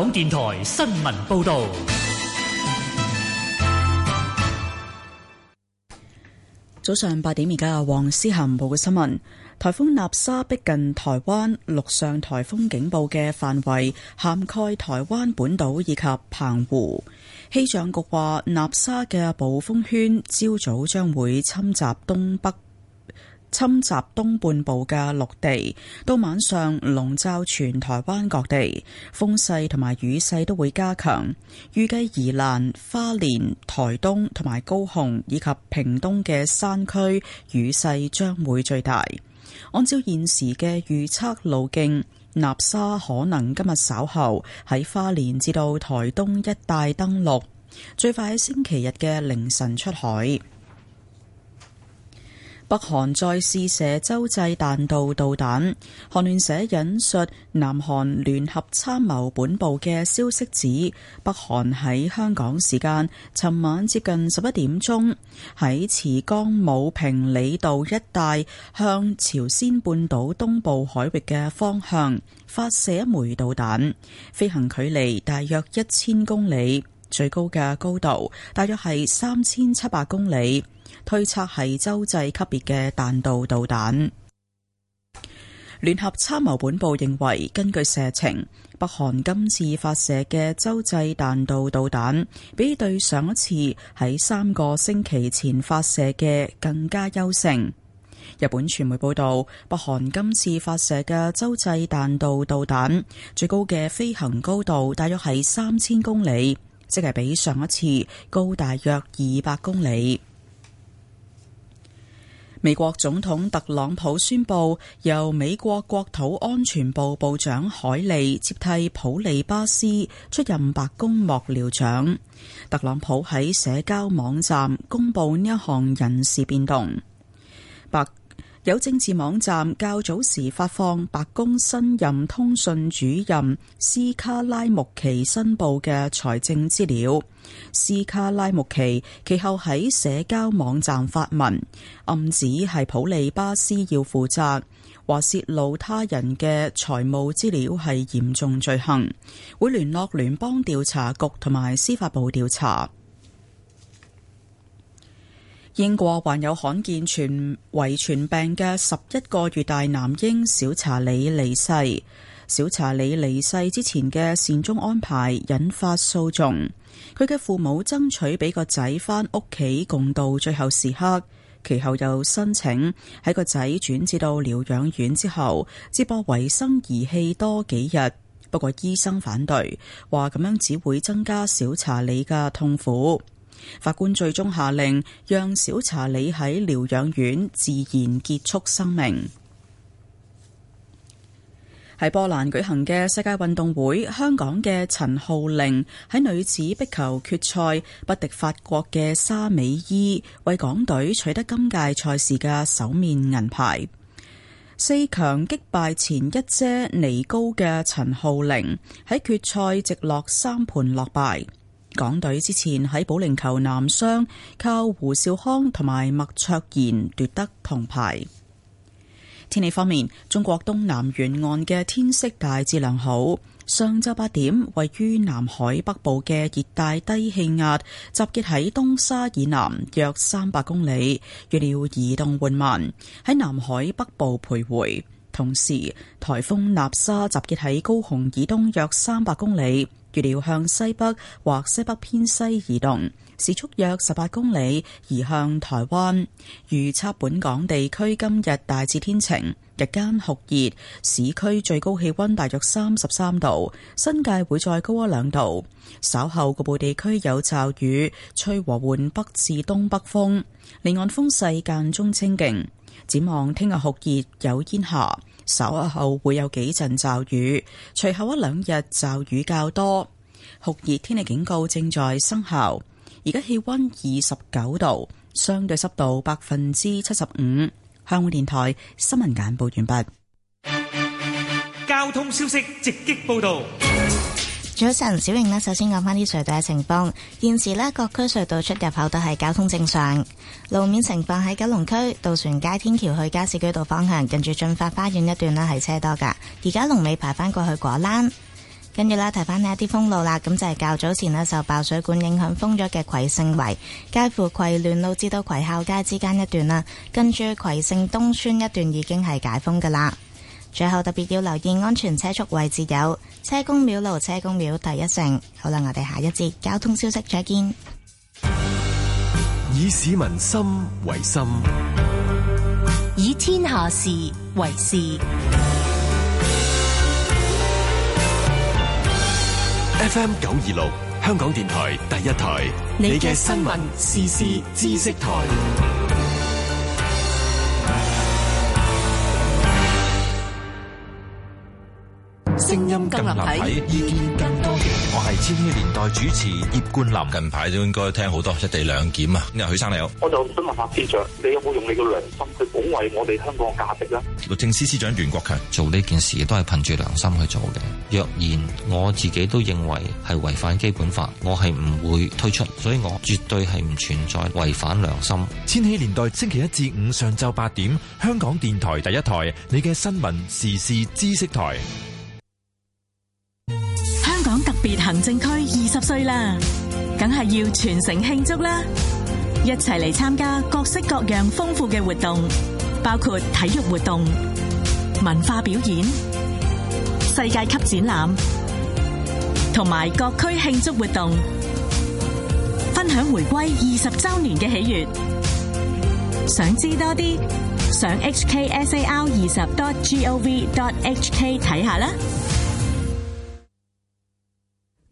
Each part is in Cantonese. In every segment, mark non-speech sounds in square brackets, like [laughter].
港電台新聞報道：早上八點而家由黃思嫻報嘅新聞，颱風納沙逼近台灣陸上颱風警報嘅範圍，涵蓋台灣本島以及澎湖。氣象局話，納沙嘅暴風圈朝早將會侵襲東北。侵襲東半部嘅陸地，到晚上籠罩全台灣各地，風勢同埋雨勢都會加強。預計宜蘭、花蓮、台東同埋高雄以及屏東嘅山區雨勢將會最大。按照現時嘅預測路徑，納沙可能今日稍後喺花蓮至到台東一帶登陸，最快喺星期日嘅凌晨出海。北韓再試射洲際彈道導彈。韓聯社引述南韓聯合參謀本部嘅消息指，北韓喺香港時間尋晚接近十一點鐘，喺慈江武平里道一帶向朝鮮半島東部海域嘅方向發射一枚導彈，飛行距離大約一千公里，最高嘅高度大約係三千七百公里。推測係洲際級別嘅彈道導彈。聯合參謀本部認為，根據射程，北韓今次發射嘅洲際彈道導彈比對上一次喺三個星期前發射嘅更加優勝。日本傳媒報道，北韓今次發射嘅洲際彈道導彈最高嘅飛行高度大約係三千公里，即係比上一次高大約二百公里。美國總統特朗普宣布，由美國國土安全部部長凱利接替普利巴斯出任白宮幕僚長。特朗普喺社交網站公布呢一項人事變動。白有政治網站較早時發放白宮新任通訊主任斯卡拉穆奇申報嘅財政資料。斯卡拉穆奇其後喺社交網站發文，暗指係普利巴斯要負責，話泄露他人嘅財務資料係嚴重罪行，會聯絡聯邦調查局同埋司法部調查。英國患有罕見傳遺傳病嘅十一個月大男嬰小查理離世。小查理離世之前嘅善終安排引發訴訟。佢嘅父母爭取俾個仔返屋企共度最後時刻，其後又申請喺個仔轉至到療養院之後接駁維生儀器多幾日。不過醫生反對，話咁樣只會增加小查理嘅痛苦。法官最終下令，讓小查理喺療養院自然結束生命。喺波蘭舉行嘅世界運動會，香港嘅陳浩玲喺女子壁球決賽不敵法國嘅沙美伊，為港隊取得今屆賽事嘅首面銀牌。四強擊敗前一姐尼高嘅陳浩玲喺決賽直落三盤落敗。港隊之前喺保齡球男雙靠胡兆康同埋麥卓賢奪得銅牌。天氣方面，中國東南沿岸嘅天色大致良好。上晝八點，位於南海北部嘅熱帶低氣壓集結喺東沙以南約三百公里，預料移動緩慢，喺南海北部徘徊。同時，台風納沙集結喺高雄以東約三百公里。預料向西北或西北偏西移動，時速約十八公里，移向台灣。預測本港地區今日大致天晴，日間酷熱，市區最高氣温大約三十三度，新界會再高一兩度。稍後局部地區有驟雨，吹和緩北至東北風，離岸風勢間中清勁。展望聽日酷熱，有煙霞。稍後會有幾陣驟雨，隨後一兩日驟雨較多。酷熱天氣警告正在生效。而家氣溫二十九度，相對濕度百分之七十五。香港電台新聞簡報完畢。交通消息直擊報道。早晨，小瑩呢，首先講返啲隧道嘅情況。現時呢，各區隧道出入口都係交通正常。路面情況喺九龍區渡船街天橋去加士居道方向，近住駿發花園一段呢，係車多噶。而家龍尾排返過去果欄，跟住呢睇返呢一啲封路啦。咁就係較早前呢，受爆水管影響封咗嘅葵盛圍，介乎葵聯路至到葵孝街之間一段啦。跟住葵盛東村一段已經係解封噶啦。最後特別要留意安全車速位置有車公廟路車公廟第一城。好啦，我哋下一節交通消息再見。以市民心為心，以天下事為事。FM 九二六，香港電台第一台，你嘅新聞時事知識台。聲音更立體，意見更多。我係千禧年代主持葉冠林，近排都應該聽好多一地兩檢啊。今日許生你好，我就想問下司長，你有冇用你嘅良心去保衛我哋香港嘅價值呢？律政司司長袁國強，做呢件事都係憑住良心去做嘅。若然我自己都認為係違反基本法，我係唔會推出，所以我絕對係唔存在違反良心。千禧年代，星期一至五上晝八點，香港電台第一台，你嘅新聞時事知識台。別行政區二十歲啦，梗係要全城慶祝啦！一齊嚟參加各式各樣豐富嘅活動，包括體育活動、文化表演、世界級展覽，同埋各區慶祝活動，分享回歸二十周年嘅喜悦。想知多啲，上 hksar20.gov.hk 睇下啦。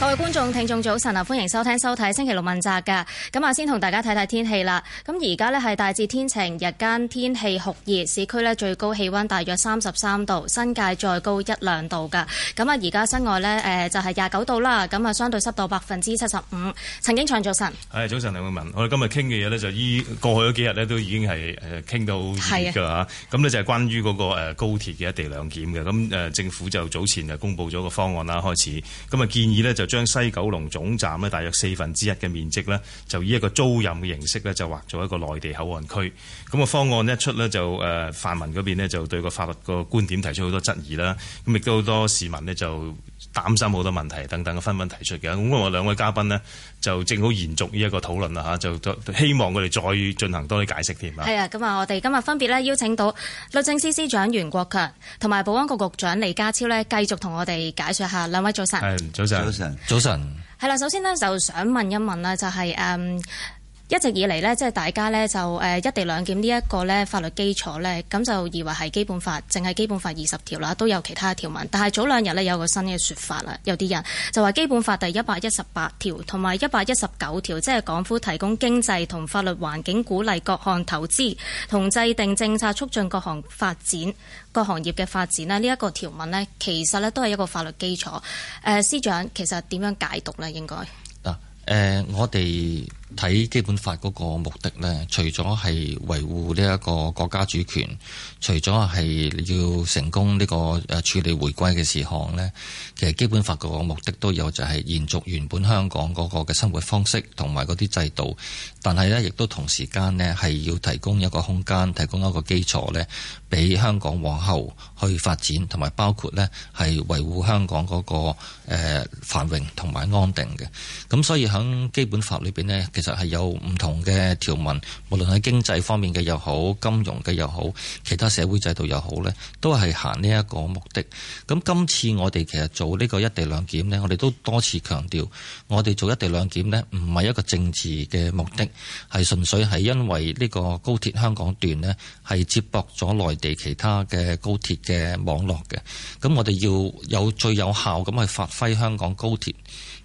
各位觀眾、聽眾早晨啊，歡迎收聽、收睇星期六問責㗎。咁啊，先同大家睇睇天氣啦。咁而家呢係大致天晴，日間天氣酷熱，市區呢最高氣温大約三十三度，新界再高一兩度㗎。咁啊，而家室外呢，誒就係廿九度啦。咁啊，相對濕度百分之七十五。陳景祥早晨。誒，早晨梁愛民。我哋今日傾嘅嘢呢，就依過去嗰幾日呢都已經係誒傾到熱㗎。咁呢就係關於嗰個高鐵嘅一地兩檢嘅。咁誒政府就早前就公布咗個方案啦，開始。咁啊，建議呢就將西九龍總站咧，大約四分之一嘅面積呢就以一個租賃嘅形式呢就劃做一個內地口岸區。咁、個方案一出呢就誒、呃、泛民嗰邊咧，就對個法律個觀點提出好多質疑啦。咁亦都好多市民呢就，擔心好多問題等等嘅紛紛提出嘅，咁我哋兩位嘉賓呢，就正好延續呢一個討論啦吓，就希望佢哋再進行多啲解釋添啊。係啊，咁啊，我哋今日分別呢邀請到律政司司長袁國強同埋保安局局長李家超呢，繼續同我哋解説下。兩位早晨，誒早晨，早晨，早晨。係啦，首先呢，就想問一問啦、就係，就係誒。一直以嚟呢，即係大家呢，就誒一地兩檢呢一個呢法律基礎呢，咁就以為係基本法，淨係基本法二十條啦，都有其他條文。但係早兩日呢，有個新嘅說法啦，有啲人就話基本法第一百一十八條同埋一百一十九條，即係港府提供經濟同法律環境鼓勵，鼓勵各項投資同制定政策，促進各項發展各行業嘅發展呢，呢、這、一個條文呢，其實呢都係一個法律基礎。誒、呃，司長其實點樣解讀呢？應該嗱誒，我哋。睇基本法嗰個目的咧，除咗係維護呢一個國家主權，除咗係要成功呢個誒處理回歸嘅事項咧，其實基本法個目的都有就係延續原本香港嗰個嘅生活方式同埋嗰啲制度，但係咧亦都同時間咧係要提供一個空間，提供一個基礎咧，俾香港往後去發展，同埋包括咧係維護香港嗰個誒繁榮同埋安定嘅。咁所以響基本法裏邊咧。其實係有唔同嘅條文，無論係經濟方面嘅又好，金融嘅又好，其他社會制度又好呢都係行呢一個目的。咁今次我哋其實做呢個一地兩檢呢，我哋都多次強調，我哋做一地兩檢呢，唔係一個政治嘅目的，係純粹係因為呢個高鐵香港段呢，係接駁咗內地其他嘅高鐵嘅網絡嘅，咁我哋要有最有效咁去發揮香港高鐵。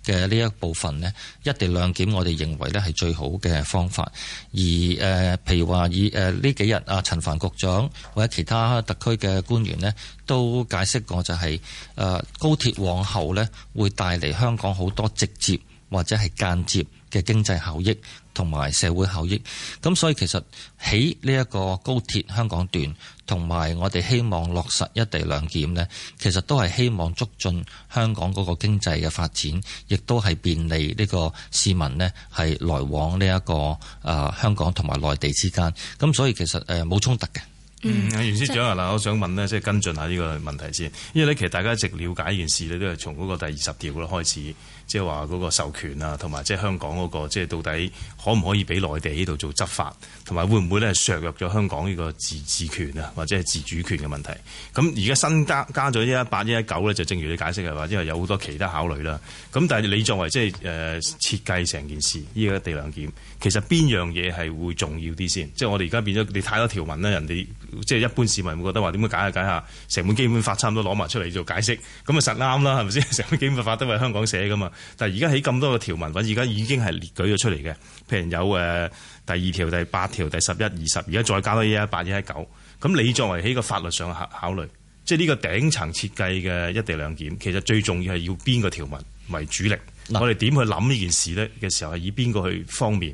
嘅呢一部分呢，一地兩檢我哋認為呢係最好嘅方法，而誒譬、呃、如話以誒呢、呃、幾日啊陳帆局長或者其他特區嘅官員呢，都解釋過就係、是、誒、呃、高鐵往後呢會帶嚟香港好多直接或者係間接嘅經濟效益同埋社會效益，咁所以其實喺呢一個高鐵香港段同埋我哋希望落實一地兩檢呢，其實都係希望促進香港嗰個經濟嘅發展，亦都係便利呢個市民呢，係來往呢、這、一個啊、呃、香港同埋內地之間，咁所以其實誒冇衝突嘅。嗯，袁司長啊嗱，嗯、我想問呢，即係、就是、跟進下呢個問題先，因為咧其實大家一直了解呢件事，你都係從嗰個第二十條開始。即係話嗰個授權啊，同埋即係香港嗰個即係到底可唔可以俾內地呢度做執法，同埋會唔會咧削弱咗香港呢個自治權啊，或者係自主權嘅問題？咁而家新加加咗一一八、一一九咧，就正如你解釋嘅話，因為有好多其他考慮啦。咁但係你作為即係誒設計成件事，呢個一地兩檢，其實邊樣嘢係會重要啲先？即係我哋而家變咗，你太多條文啦，人哋即係一般市民會覺得話點解解下解下，成本基本法差唔多攞埋出嚟做解釋，咁啊實啱啦，係咪先？成本基本法都係香港寫噶嘛？但而家起咁多嘅條文，而家已經係列舉咗出嚟嘅，譬如有誒第二條、第八條、第十一、二十，而家再加多一一八、一一九。咁你作為喺個法律上考考慮，即係呢個頂層設計嘅一地兩檢，其實最重要係要邊個條文為主力？嗱，我哋點去諗呢件事呢嘅時候，係以邊個去方便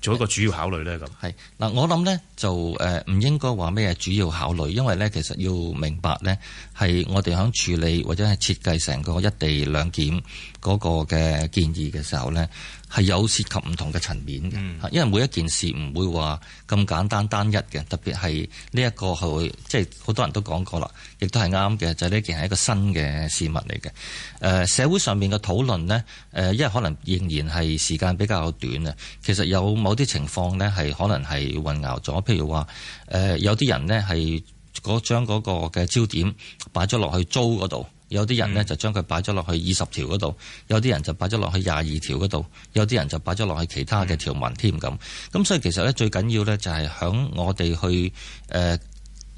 做一個主要考慮呢？咁係嗱，我諗呢，就誒唔、呃、應該話咩主要考慮，因為呢，其實要明白呢，係我哋喺處理或者係設計成個一地兩檢嗰個嘅建議嘅時候呢。係有涉及唔同嘅層面嘅，因為每一件事唔會話咁簡單，單一嘅，特別係呢一個係即係好多人都講過啦，亦都係啱嘅，就係、是、呢件係一個新嘅事物嚟嘅。誒、呃、社會上面嘅討論呢，誒、呃、因為可能仍然係時間比較短啊，其實有某啲情況呢，係可能係混淆咗，譬如話誒、呃、有啲人呢係嗰將嗰個嘅焦點擺咗落去租嗰度。有啲人呢，就將佢擺咗落去二十條嗰度，有啲人就擺咗落去廿二條嗰度，有啲人就擺咗落去其他嘅條文添咁。咁所以其實呢，最緊要呢，就係響我哋去誒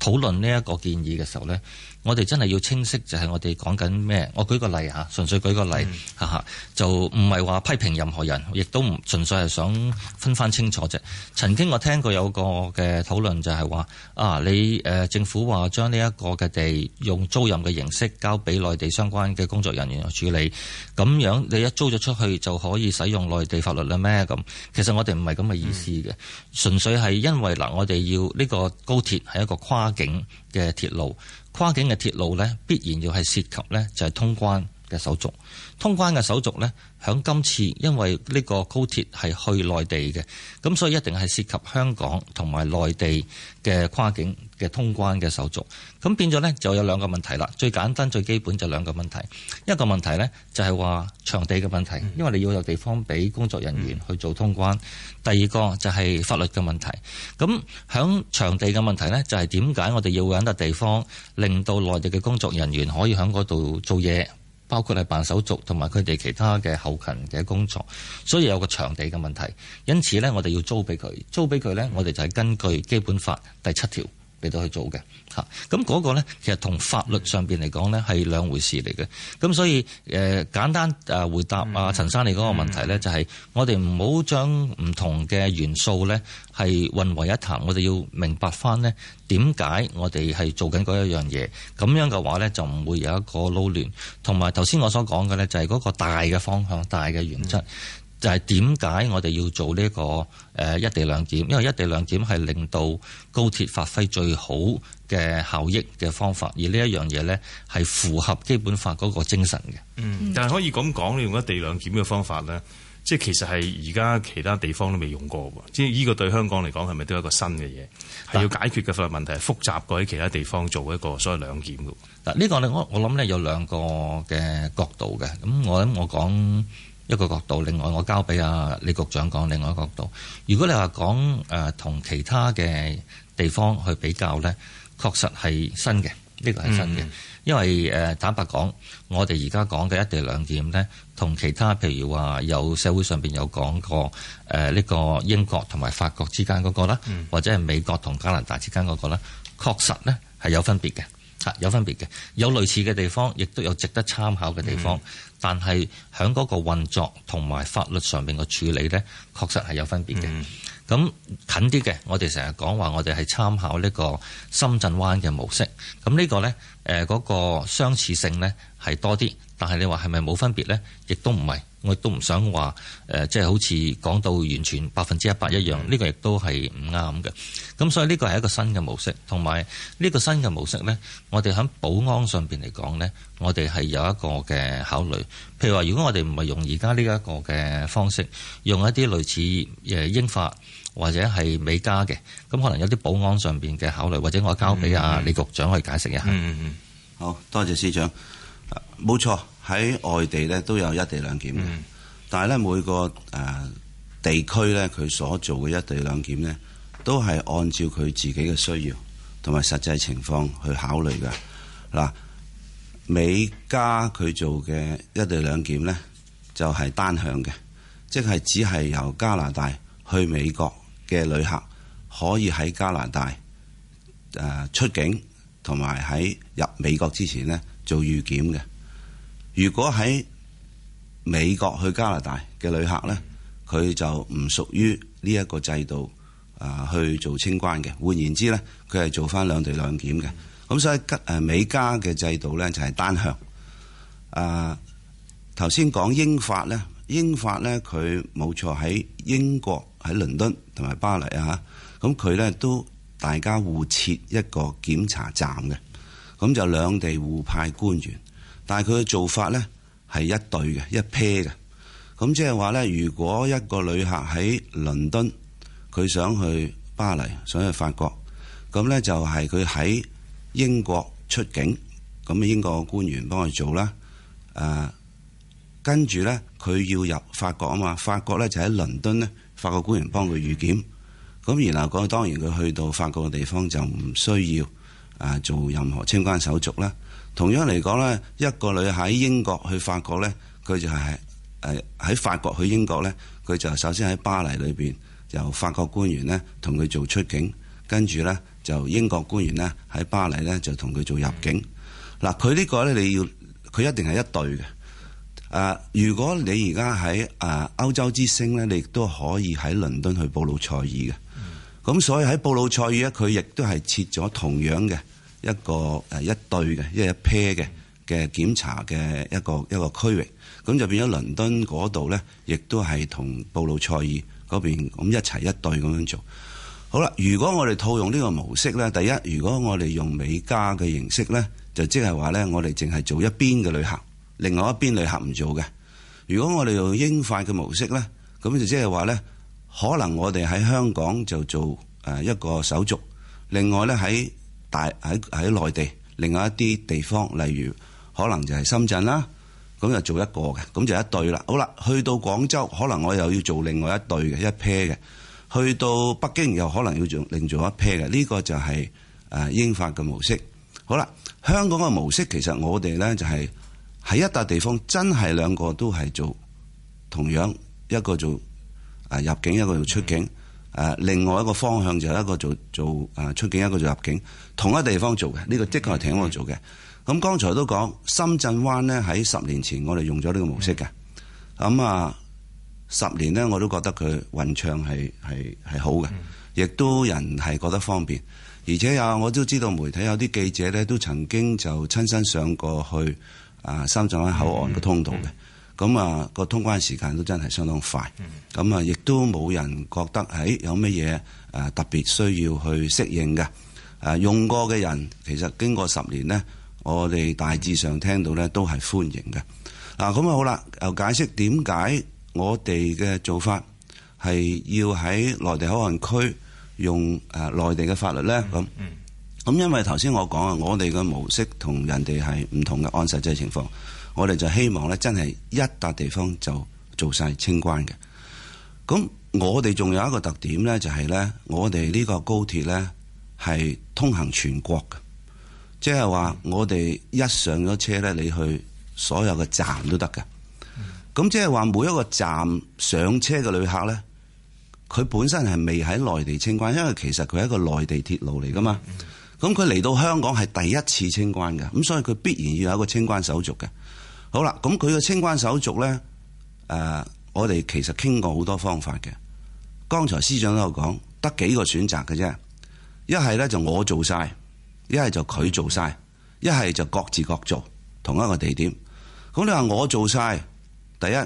討論呢一個建議嘅時候呢。我哋真係要清晰，就係、是、我哋講緊咩？我舉個例吓，純粹舉個例嚇嚇，嗯、 [laughs] 就唔係話批評任何人，亦都唔純粹係想分翻清楚啫。曾經我聽過有個嘅討論就係話啊，你誒、呃、政府話將呢一個嘅地用租賃嘅形式交俾內地相關嘅工作人員去處理，咁樣你一租咗出去就可以使用內地法律啦咩？咁，其實我哋唔係咁嘅意思嘅，純、嗯、粹係因為嗱、呃，我哋要呢個高鐵係一個跨境嘅鐵路。跨境嘅鐵路咧，必然要係涉及咧，就係通關嘅手續，通關嘅手續呢，響今次因為呢個高鐵係去內地嘅，咁所以一定係涉及香港同埋內地嘅跨境嘅通關嘅手續。咁變咗呢，就有兩個問題啦。最簡單最基本就兩個問題，一個問題呢，就係話場地嘅問題，因為你要有地方俾工作人員去做通關。第二個就係法律嘅問題。咁響場地嘅問題呢，就係點解我哋要揾個地方，令到內地嘅工作人員可以喺嗰度做嘢。包括係辦手續同埋佢哋其他嘅後勤嘅工作，所以有個場地嘅問題。因此呢，我哋要租俾佢，租俾佢呢，我哋就係根據基本法第七條。俾到去做嘅，嚇、嗯、咁、那、嗰個呢，其實同法律上邊嚟講呢，係兩回事嚟嘅。咁所以誒、呃、簡單誒回答啊，陳生你嗰個問題呢，就係我哋唔好將唔同嘅元素呢係混為一談，我哋要明白返呢，點解我哋係做緊嗰一樣嘢，咁樣嘅話呢，就唔會有一個撈亂。同埋頭先我所講嘅呢，就係嗰個大嘅方向、大嘅原則。嗯就係點解我哋要做呢、個誒、呃、一地兩檢？因為一地兩檢係令到高鐵發揮最好嘅效益嘅方法，而呢一樣嘢呢係符合基本法嗰個精神嘅。嗯，但係可以咁講，你用一地兩檢嘅方法呢，即係其實係而家其他地方都未用過喎。即係呢個對香港嚟講係咪都係一個新嘅嘢？係要解決嘅法律問題係但 複雜過喺其他地方做一個所謂兩檢嘅。嗱，呢個咧我我諗咧有兩個嘅角度嘅。咁我諗我講。一個角度，另外我交俾阿李局長講另外一個角度。如果你話講誒同其他嘅地方去比較呢，確實係新嘅，呢、呢個係新嘅。嗯、因為誒、呃、坦白講，我哋而家講嘅一地兩檢呢，同其他譬如話有社會上邊有講過誒呢、呃呢個英國同埋法國之間嗰、嗰個啦，嗯、或者係美國同加拿大之間嗰、嗰個咧，確實咧係有分別嘅嚇、啊，有分別嘅，有類似嘅地方，亦都有值得參考嘅地方。嗯但係喺嗰個運作同埋法律上面嘅處理咧，確實係有分別嘅。咁、mm hmm. 近啲嘅，我哋成日講話，我哋係參考呢個深圳灣嘅模式。咁呢、呢個呢，誒、呃、嗰、嗰個相似性呢係多啲，但係你話係咪冇分別呢？亦都唔係。我亦都唔想話誒、呃，即係好似講到完全百分之一百一樣，呢、嗯、個亦都係唔啱嘅。咁所以呢個係一個新嘅模式，同埋呢個新嘅模式呢，我哋喺保安上邊嚟講呢，我哋係有一個嘅考慮。譬如話，如果我哋唔係用而家呢一個嘅方式，用一啲類似誒英法或者係美加嘅，咁可能有啲保安上邊嘅考慮，或者我交俾阿、啊、李局長去解釋一下。嗯嗯，嗯，好多謝司長，冇錯。喺外地咧都有一地兩檢嘅，但係咧每個誒、呃、地區咧，佢所做嘅一地兩檢咧，都係按照佢自己嘅需要同埋實際情況去考慮嘅。嗱，美加佢做嘅一地兩檢咧，就係、是、單向嘅，即係只係由加拿大去美國嘅旅客可以喺加拿大誒、呃、出境同埋喺入美國之前咧做預檢嘅。如果喺美國去加拿大嘅旅客呢，佢就唔屬於呢一個制度啊，呃、去做清關嘅。換言之呢，佢係做返兩地兩檢嘅。咁、嗯、所以吉、呃、美加嘅制度呢，就係、是、單向。啊、呃，頭先講英法呢，英法呢，佢冇錯喺英國喺倫敦同埋巴黎啊，咁佢、嗯、呢，都大家互設一個檢查站嘅，咁、嗯、就兩地互派官員。但係佢嘅做法呢係一對嘅一 pair 嘅，咁即係話呢如果一個旅客喺倫敦，佢想去巴黎，想去法國，咁呢就係佢喺英國出境，咁英國嘅官員幫佢做啦。誒、啊，跟住呢，佢要入法國啊嘛，法國呢就喺倫敦呢，法國官員幫佢預檢。咁然後講，當然佢去到法國嘅地方就唔需要誒做任何清關手續啦。同樣嚟講咧，一個女喺英國去法國咧，佢就係誒喺法國去英國咧，佢就首先喺巴黎裏邊由法國官員咧同佢做出境，跟住咧就英國官員咧喺巴黎咧就同佢做入境。嗱、呃，佢呢個咧你要佢一定係一對嘅。啊、呃，如果你而家喺啊歐洲之星咧，你亦都可以喺倫敦去布魯塞爾嘅。咁、嗯、所以喺布魯塞爾咧，佢亦都係設咗同樣嘅。一個誒、啊、一對嘅，即一 pair 嘅嘅檢查嘅一個一個區域，咁就變咗倫敦嗰度呢，亦都係同布魯塞爾嗰邊咁一齊一對咁樣做。好啦，如果我哋套用呢個模式呢，第一，如果我哋用美加嘅形式呢，就即係話呢，我哋淨係做一邊嘅旅客，另外一邊旅客唔做嘅。如果我哋用英法嘅模式呢，咁就即係話呢，可能我哋喺香港就做誒一個手續，另外呢，喺。大喺喺內地，另外一啲地方，例如可能就係深圳啦，咁就做一個嘅，咁就一對啦。好啦，去到廣州，可能我又要做另外一對嘅一 pair 嘅，去到北京又可能要做另做一 pair 嘅。呢、這個就係、是、誒、呃、英法嘅模式。好啦，香港嘅模式其實我哋呢，就係、是、喺一笪地方真係兩個都係做同樣一個做誒入境一個做出境。誒，另外一個方向就係一個做做誒、啊、出境，一個做入境，同一地方做嘅，呢、這個刻停的確係喺我度做嘅。咁剛、mm hmm. 才都講深圳灣咧，喺十年前我哋用咗呢個模式嘅。咁、mm hmm. 嗯、啊，十年呢我都覺得佢運暢係係係好嘅，mm hmm. 亦都人係覺得方便。而且啊，我都知道媒體有啲記者咧都曾經就親身上過去啊深圳灣口岸個通道嘅。Mm hmm. mm hmm. 咁啊，個通關時間都真係相當快。咁啊，亦都冇人覺得誒有乜嘢誒特別需要去適應嘅。誒用過嘅人其實經過十年呢，我哋大致上聽到呢都係歡迎嘅。嗱、啊，咁啊好啦，又解釋點解我哋嘅做法係要喺內地口岸區用誒內地嘅法律呢？咁，咁因為頭先我講啊，我哋嘅模式同人哋係唔同嘅，按實際情況。我哋就希望咧，真係一笪地方就做晒清關嘅。咁我哋仲有一個特點呢，就係呢，我哋呢個高鐵呢，係通行全國嘅，即係話我哋一上咗車呢，你去所有嘅站都得嘅。咁即係話每一個站上車嘅旅客呢，佢本身係未喺內地清關，因為其實佢係一個內地鐵路嚟㗎嘛。咁佢嚟到香港係第一次清關嘅，咁所以佢必然要有一個清關手續嘅。好啦，咁佢嘅清關手續咧，誒、呃，我哋其實傾過好多方法嘅。剛才司長都有講，得幾個選擇嘅啫。一係咧就我做晒，一係就佢做晒，一係就各自各做同一個地點。咁你話我做晒，第一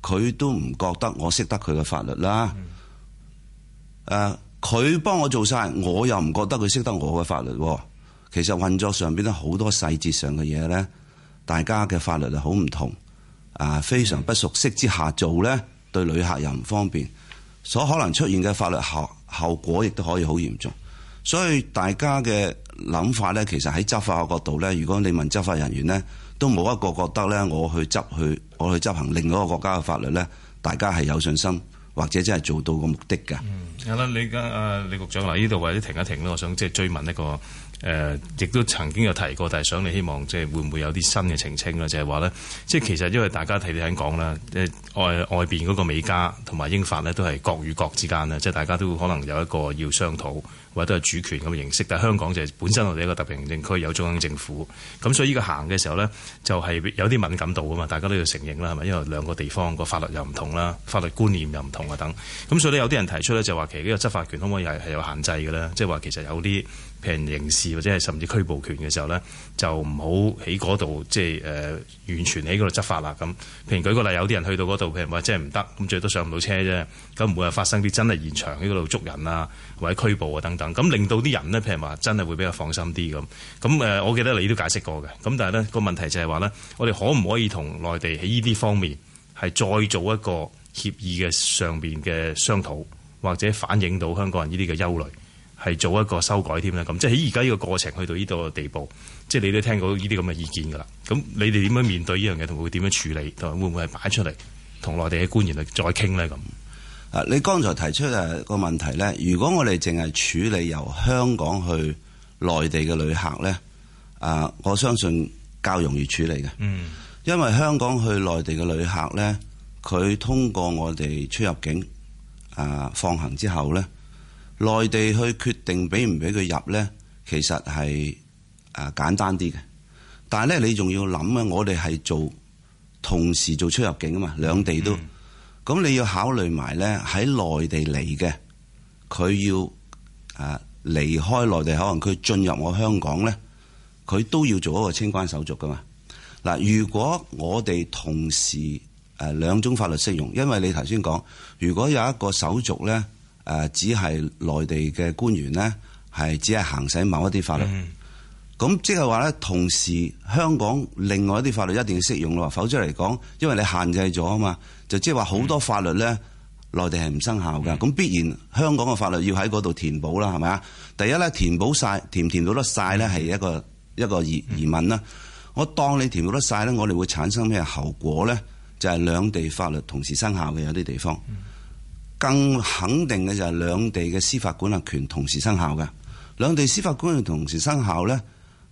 佢都唔覺得我識得佢嘅法律啦。誒、呃，佢幫我做晒，我又唔覺得佢識得我嘅法律。其實運作上面咧，好多細節上嘅嘢咧。大家嘅法律就好唔同，啊，非常不熟悉之下做呢，對旅客又唔方便，所可能出現嘅法律後後，後果亦都可以好嚴重。所以大家嘅諗法呢，其實喺執法嘅角度呢，如果你問執法人員呢，都冇一個覺得呢，我去執去，我去執行另一個國家嘅法律呢，大家係有信心或者真係做到個目的㗎。嗯，好啦，李嘅啊李局長，嚟呢度或者停一停啦，我想即係追問一個。誒、呃，亦都曾經有提過，但係想你希望即係會唔會有啲新嘅澄清咧？就係、是、話呢，即、就、係、是、其實因為大家睇你喺講啦，誒、就是、外外邊嗰個美加同埋英法呢，都係國與國之間呢，即、就、係、是、大家都可能有一個要商討，或者都係主權咁嘅形式。但係香港就係本身我哋一個特別行政區，有中央政府，咁所以呢個行嘅時候呢，就係、是、有啲敏感度啊嘛。大家都要承認啦，係咪因為兩個地方個法律又唔同啦，法律觀念又唔同啊等等。咁所以咧，有啲人提出呢，就話、是、其實呢個執法權可唔可以係有限制嘅呢？即係話其實有啲人刑事或者係甚至拘捕權嘅時候咧，就唔好喺嗰度即係誒、呃、完全喺嗰度執法啦咁。譬如舉個例，有啲人去到嗰度，譬如話即係唔得，咁最多上唔到車啫，咁唔會係發生啲真係現場喺嗰度捉人啊，或者拘捕啊等等，咁令到啲人呢，譬如話真係會比較放心啲咁。咁誒、呃，我記得你都解釋過嘅，咁但係呢、那個問題就係話呢，我哋可唔可以同內地喺呢啲方面係再做一個協議嘅上邊嘅商討，或者反映到香港人呢啲嘅憂慮？係做一個修改添啦，咁即係喺而家呢個過程去到呢度嘅地步，即係你都聽過呢啲咁嘅意見㗎啦。咁你哋點樣面對呢樣嘢，同會點樣處理，同會唔會係擺出嚟同內地嘅官員嚟再傾呢？咁啊，你剛才提出誒個問題呢，如果我哋淨係處理由香港去內地嘅旅客呢，啊，我相信較容易處理嘅，嗯，因為香港去內地嘅旅客呢，佢通過我哋出入境啊放行之後呢。內地去決定俾唔俾佢入呢，其實係誒、呃、簡單啲嘅。但係咧，你仲要諗啊，我哋係做同時做出入境啊嘛，兩地都。咁、嗯、你要考慮埋呢，喺內地嚟嘅，佢要誒、呃、離開內地，可能佢進入我香港呢，佢都要做一個清關手續㗎嘛。嗱、呃，如果我哋同時誒、呃、兩種法律適用，因為你頭先講，如果有一個手續呢。誒、呃、只係內地嘅官員咧，係只係行使某一啲法律。咁即係話咧，同時香港另外一啲法律一定要適用咯，否則嚟講，因為你限制咗啊嘛，就即係話好多法律咧，內地係唔生效㗎。咁、嗯、必然香港嘅法律要喺嗰度填補啦，係咪啊？第一咧，填補晒，填唔填到得晒咧，係一個、嗯、一個疑疑問啦。嗯、我當你填到得晒咧，我哋會產生咩後果咧？就係、是、兩地法律同時生效嘅有啲地方。更肯定嘅就係兩地嘅司法管轄權同時生效嘅，兩地司法管轄權同時生效呢，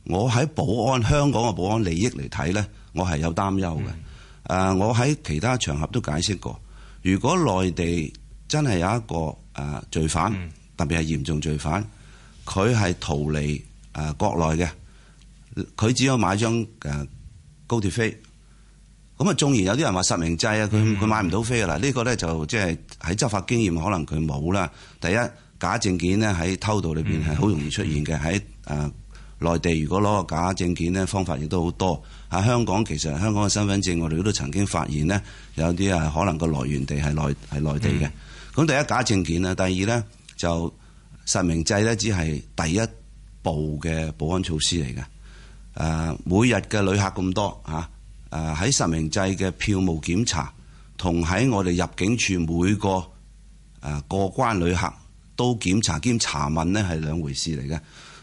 我喺保安香港嘅保安利益嚟睇呢，我係有擔憂嘅。誒、嗯啊，我喺其他場合都解釋過，如果內地真係有一個誒罪犯，特別係嚴重罪犯，佢係逃離誒國內嘅，佢只有買張誒高鐵飛。咁啊，縱然有啲人話實名制啊，佢佢買唔到飛啦。呢、嗯、個咧就即係喺執法經驗，可能佢冇啦。第一，假證件咧喺偷渡裏邊係好容易出現嘅。喺誒內地，如果攞個假證件咧，方法亦都好多。喺、啊、香港，其實香港嘅身份證，我哋都曾經發現咧，有啲啊可能個來源地係內係內地嘅。咁、嗯、第一假證件啊，第二咧就實名制咧，只係第一步嘅保安措施嚟嘅。誒、啊，每日嘅旅客咁多嚇。啊誒，喺實名制嘅票務檢查，同喺我哋入境處每個誒過關旅客都檢查兼查問咧，係兩回事嚟嘅。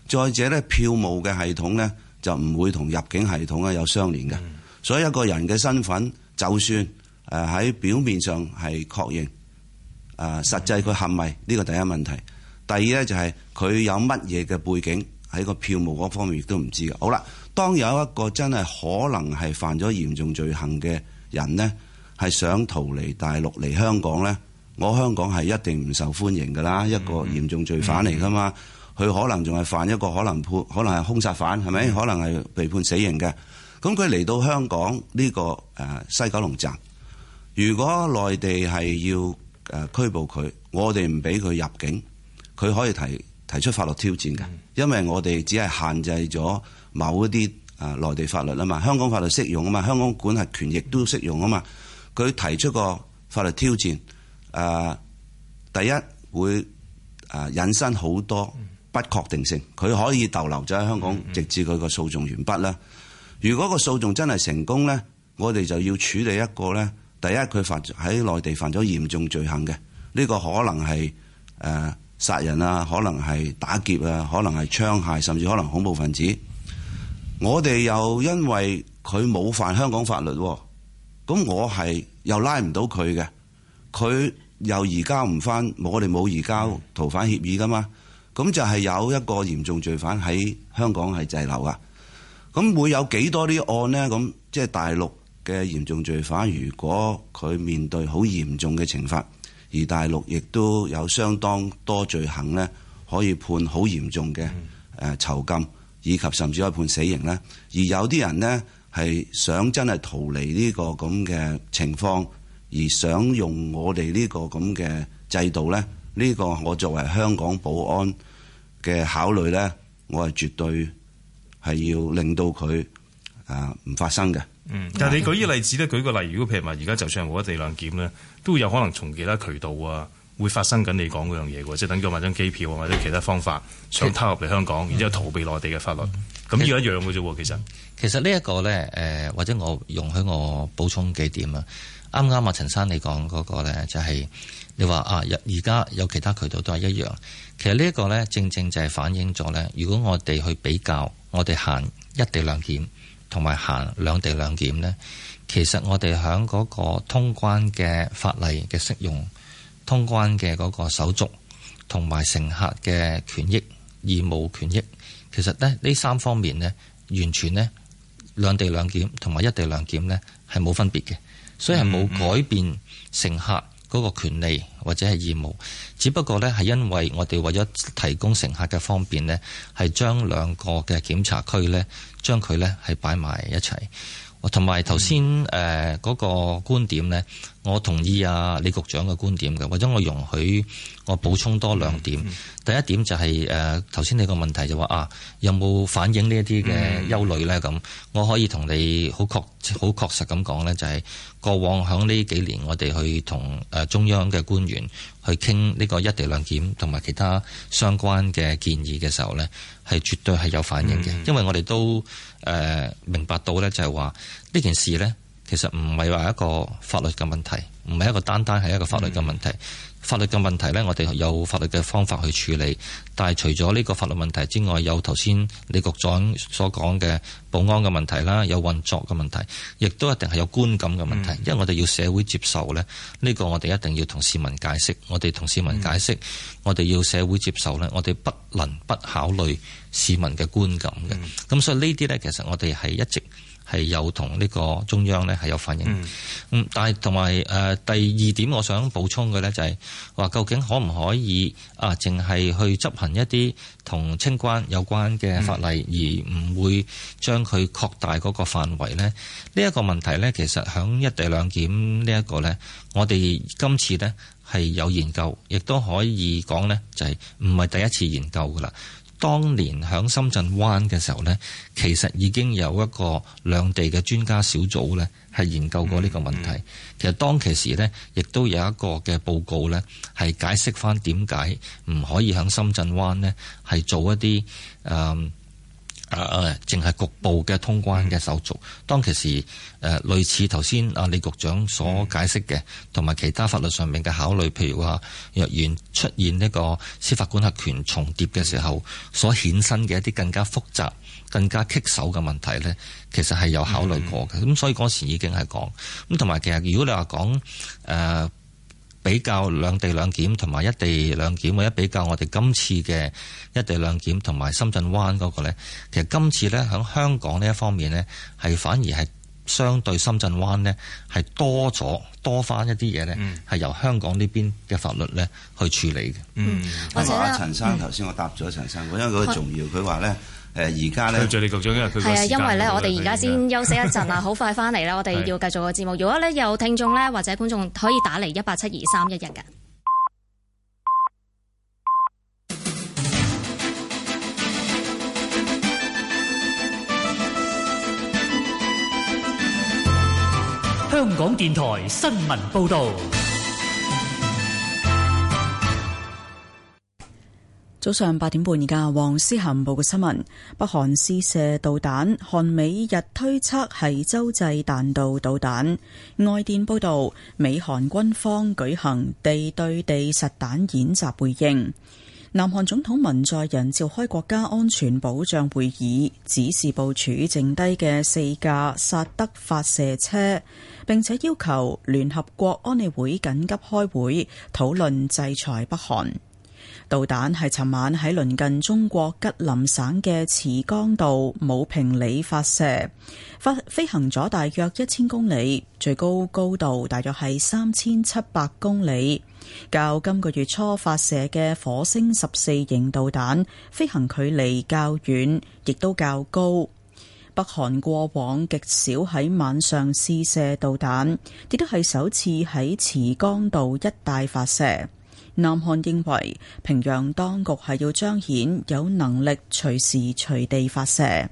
再者呢，票務嘅系統呢就唔會同入境系統啊有相連嘅，嗯、所以一個人嘅身份就算誒喺表面上係確認，誒實際佢係咪，呢個第一問題？第二呢，就係佢有乜嘢嘅背景喺個票務嗰方面亦都唔知嘅。好啦。當有一個真係可能係犯咗嚴重罪行嘅人呢，係想逃離大陸嚟香港呢。我香港係一定唔受歡迎㗎啦。一個嚴重罪犯嚟㗎嘛，佢可能仲係犯一個可能判可能係兇殺犯係咪？可能係被判死刑嘅。咁佢嚟到香港呢個誒西九龍站，如果內地係要誒拘捕佢，我哋唔俾佢入境，佢可以提提出法律挑戰嘅，因為我哋只係限制咗。某一啲啊、呃，內地法律啊嘛，香港法律適用啊嘛，香港管轄權亦都適用啊嘛。佢提出個法律挑戰啊、呃，第一會啊、呃、引申好多不確定性。佢可以逗留咗喺香港，直至佢個訴訟完畢啦。如果個訴訟真係成功咧，我哋就要處理一個咧。第一佢犯喺內地犯咗嚴重罪行嘅呢、呢個可能係誒、呃、殺人啊，可能係打劫啊，可能係槍械，甚至可能恐怖分子。我哋又因為佢冇犯香港法律，咁我係又拉唔到佢嘅，佢又移交唔返，我哋冇移交逃犯協議㗎嘛，咁就係有一個嚴重罪犯喺香港係滯留㗎，咁會有幾多啲案呢？咁即係大陸嘅嚴重罪犯，如果佢面對好嚴重嘅懲罰，而大陸亦都有相當多罪行呢，可以判好嚴重嘅誒囚禁，嗯以及甚至可判死刑咧，而有啲人咧係想真係逃離呢個咁嘅情況，而想用我哋呢個咁嘅制度咧，呢個我作為香港保安嘅考慮咧，我係絕對係要令到佢啊唔發生嘅。嗯，但係你舉啲例子咧，舉個例，如果譬如話而家就算冇咗一地兩檢咧，都有可能從其他渠道啊。會發生緊你講嗰樣嘢喎，即係等於買張機票或者其他方法想偷入嚟香港，然之後逃避內地嘅法律，咁、嗯、要一樣嘅啫喎，其實其實呢、這、一個呢，誒、呃、或者我容許我補充幾點啊，啱啱啊，陳生你講嗰、那個咧，就係、是、你話啊，而家有其他渠道都係一樣。其實呢一個呢，正正就係反映咗呢：如果我哋去比較，我哋行一地兩檢同埋行兩地兩檢呢，其實我哋喺嗰個通關嘅法例嘅適用。通關嘅嗰個手續，同埋乘客嘅權益、義務權益，其實呢呢三方面呢，完全呢兩地兩檢同埋一地兩檢呢係冇分別嘅，所以係冇改變乘客嗰個權利或者係義務，只不過呢係因為我哋為咗提供乘客嘅方便呢，係將兩個嘅檢查區呢，將佢呢係擺埋一齊。同埋頭先誒嗰個觀點咧，嗯、我同意啊李局長嘅觀點嘅，或者我容許我補充多兩點。嗯嗯嗯、第一點就係誒頭先你個問題就話、是、啊，有冇反映呢一啲嘅憂慮呢？咁、嗯嗯、我可以同你好確好確實咁講呢，就係過往響呢幾年我哋去同誒中央嘅官員去傾呢個一地兩檢同埋其他相關嘅建議嘅時候呢，係絕對係有反映嘅、嗯嗯嗯嗯嗯，因為我哋都。誒、呃，明白到咧，就係話呢件事咧，其實唔係話一個法律嘅問題，唔係一個單單係一個法律嘅問題。嗯法律嘅問題呢，我哋有法律嘅方法去處理。但係除咗呢個法律問題之外，有頭先李局長所講嘅保安嘅問題啦，有運作嘅問題，亦都一定係有觀感嘅問題。嗯、因為我哋要社會接受呢，呢、呢個我哋一定要同市民解釋，我哋同市民解釋，嗯、我哋要社會接受呢，我哋不能不考慮市民嘅觀感嘅。咁、嗯、所以呢啲呢，其實我哋係一直。係有同呢個中央呢係有反應，嗯，但係同埋誒第二點，我想補充嘅呢，就係、是、話，究竟可唔可以啊，淨係去執行一啲同清關有關嘅法例，嗯、而唔會將佢擴大嗰個範圍呢？呢、這、一個問題呢，其實響一地兩檢呢一個呢，我哋今次呢係有研究，亦都可以講呢，就係唔係第一次研究㗎喇。當年喺深圳灣嘅時候呢，其實已經有一個兩地嘅專家小組呢係研究過呢個問題。嗯嗯、其實當其時呢，亦都有一個嘅報告呢係解釋返點解唔可以喺深圳灣呢係做一啲誒。嗯誒誒，淨係、啊、局部嘅通關嘅手續。當其時誒、呃，類似頭先啊李局長所解釋嘅，同埋其他法律上面嘅考慮，譬如話若然出現呢個司法管轄權重疊嘅時候，所衍生嘅一啲更加複雜、更加棘手嘅問題呢，其實係有考慮過嘅。咁、嗯、哼所以嗰時已經係講咁，同埋其實如果你話講誒。呃比較兩地兩檢同埋一地兩檢或者比較，我哋今次嘅一地兩檢同埋深圳灣嗰個呢，其實今次呢，喺香港呢一方面呢，係反而係相對深圳灣呢，係多咗多翻一啲嘢呢，係由香港呢邊嘅法律呢去處理嘅。嗯，或者陳生頭先我答咗陳生，因為佢好重要，佢話呢。誒而家咧，謝謝李局長，因為佢。係啊，因為咧，我哋而家先休息一陣啊，好快翻嚟啦， [laughs] 我哋要繼續個節目。如果咧有聽眾咧或者觀眾可以打嚟一八七二三一一嘅。 [music] 香港電台新聞報導。早上八點半，而家黃思涵報嘅新聞：北韓試射導彈，韓美日推測係洲際彈道導彈。外電報道，美韓軍方舉行地對地實彈演習。回應，南韓總統文在寅召開國家安全保障會議，指示部署剩低嘅四架薩德發射車，並且要求聯合國安理會緊急開會討論制裁北韓。導彈係尋晚喺鄰近中國吉林省嘅慈江道武平里發射，發飛行咗大約一千公里，最高高度大約係三千七百公里，較今個月初發射嘅火星十四型導彈飛行距離較遠，亦都較高。北韓過往極少喺晚上試射導彈，亦都係首次喺慈江道一帶發射。南韓認為平壤當局係要彰顯有能力隨時隨地發射。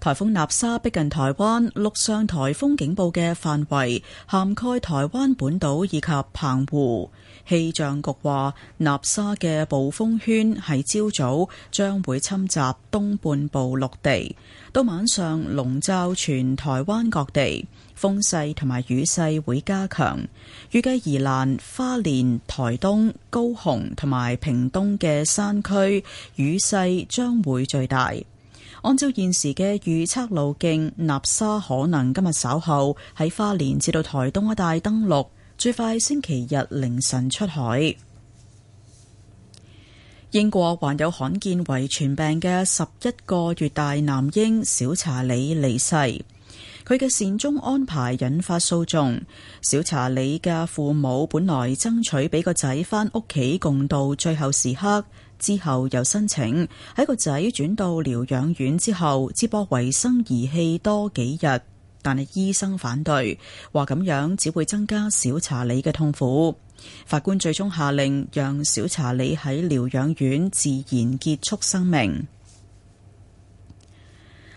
颱風納沙逼近台灣，陸上颱風警報嘅範圍涵蓋台灣本島以及澎湖。氣象局話，納沙嘅暴風圈喺朝早將會侵襲東半部陸地，到晚上籠罩全台灣各地。風勢同埋雨勢會加強，預計宜蘭、花蓮、台東、高雄同埋屏東嘅山區雨勢將會最大。按照現時嘅預測路徑，納沙可能今日稍後喺花蓮至到台東一帶登陸，最快星期日凌晨出海。英國患有罕見遺傳病嘅十一個月大男嬰小查理離世。佢嘅善終安排引發訴訟。小查理嘅父母本來爭取俾個仔翻屋企共度最後時刻，之後又申請喺個仔轉到療養院之後接駁維生儀器多幾日，但係醫生反對，話咁樣只會增加小查理嘅痛苦。法官最終下令讓小查理喺療養院自然結束生命。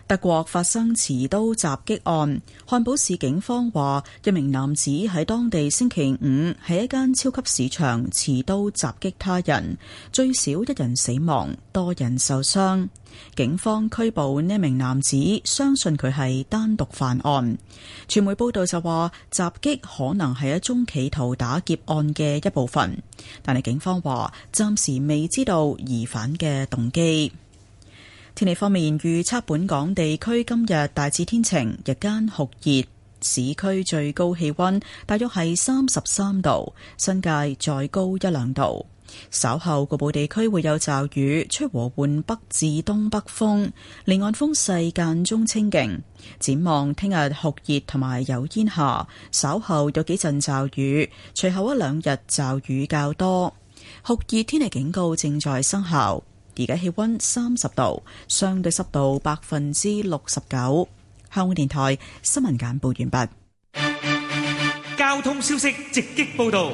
德國發生持刀襲擊案，漢堡市警方話，一名男子喺當地星期五喺一間超級市場持刀襲擊他人，最少一人死亡，多人受傷。警方拘捕呢名男子，相信佢係單獨犯案。傳媒報道就話，襲擊可能係一宗企圖打劫案嘅一部分，但係警方話暫時未知道疑犯嘅動機。天氣方面，預測本港地區今日大致天晴，日間酷熱，市區最高氣溫大約係三十三度，新界再高一兩度。稍後局部地區會有驟雨，吹和緩北至東北風，離岸風勢間中清勁。展望聽日酷熱同埋有煙霞，稍後有幾陣驟雨，隨後一兩日驟雨較多。酷熱天氣警告正在生效。而家氣溫三十度，相對濕度百分之六十九。香港電台新聞簡報完畢。交通消息直擊報道。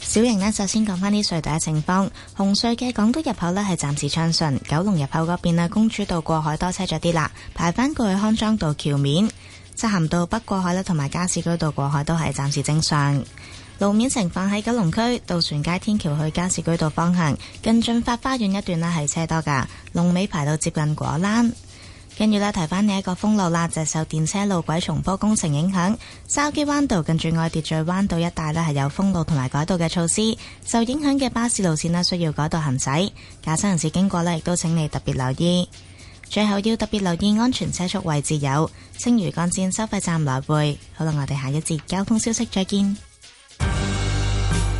小瑩呢，首先講翻啲隧道嘅情況。紅隧嘅港島入口呢，係暫時暢順，九龍入口嗰邊咧，公主道過海多車咗啲啦，排翻過去康莊道橋面，漆咸道北過海咧，同埋加士居道過海都係暫時正常。路面情況，喺九龍區渡船街天橋去加士居道方向，近駿發花園一段啦，係車多㗎，龍尾排到接近果欄。跟住呢，提翻呢一個封路啦，就受電車路軌重鋪工程影響，筲箕灣道近愛秩序灣道一帶呢，係有封路同埋改道嘅措施，受影響嘅巴士路線呢，需要改道行駛，駕車人士經過呢，亦都請你特別留意。最後要特別留意安全車速位置，有青嶼幹線收費站來回。好啦，我哋下一節交通消息再見。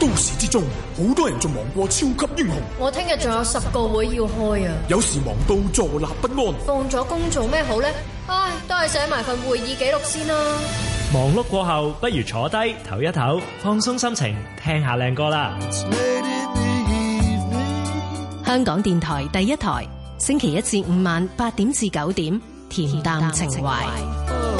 都市之中，好多人仲忙過超級英雄。我聽日仲有十個會要開啊！有時忙到坐立不安。放咗工做咩好呢？唉，都係寫埋份會議記錄先啦。忙碌過後，不如坐低唞一唞，放鬆心情，聽下靚歌啦。香港電台第一台，星期一至五晚八點至九點，恬淡情懷。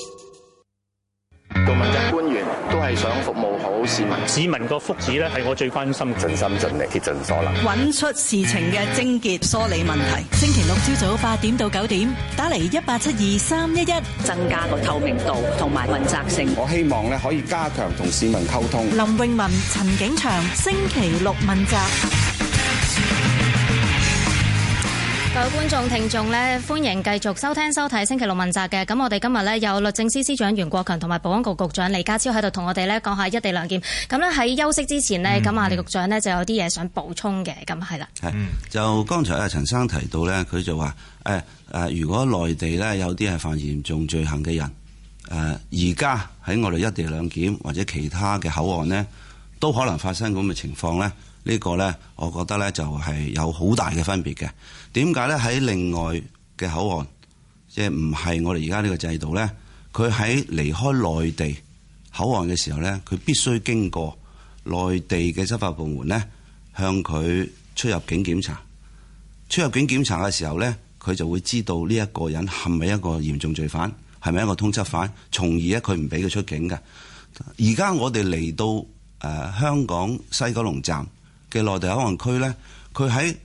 市民，市民個福祉咧係我最關心。盡心盡力竭盡所能，揾出事情嘅症結，梳理問題。星期六朝早八點到九點，打嚟一八七二三一一，增加個透明度同埋問責性。我希望咧可以加強同市民溝通。林永文、陳景祥，星期六問責。各位觀眾、聽眾呢，歡迎繼續收聽、收睇《星期六問責》嘅。咁我哋今日呢，有律政司司長袁國強同埋保安局局長李家超喺度同我哋呢講下一地兩檢。咁呢，喺休息之前呢，咁啊李局長呢就有啲嘢想補充嘅。咁係啦，係、嗯、就剛才阿陳生提到呢，佢就話誒誒，如果內地呢有啲係犯嚴重罪行嘅人，誒而家喺我哋一地兩檢或者其他嘅口岸呢，都可能發生咁嘅情況呢。呢個呢，我覺得呢，就係有好大嘅分別嘅。點解呢？喺另外嘅口岸，即係唔係我哋而家呢個制度呢，佢喺離開內地口岸嘅時候呢，佢必須經過內地嘅執法部門呢，向佢出入境檢查。出入境檢查嘅時候呢，佢就會知道呢一個人係咪一個嚴重罪犯，係咪一個通緝犯，從而呢，佢唔俾佢出境嘅。而家我哋嚟到誒、呃、香港西九龍站。嘅內地口岸區呢，佢喺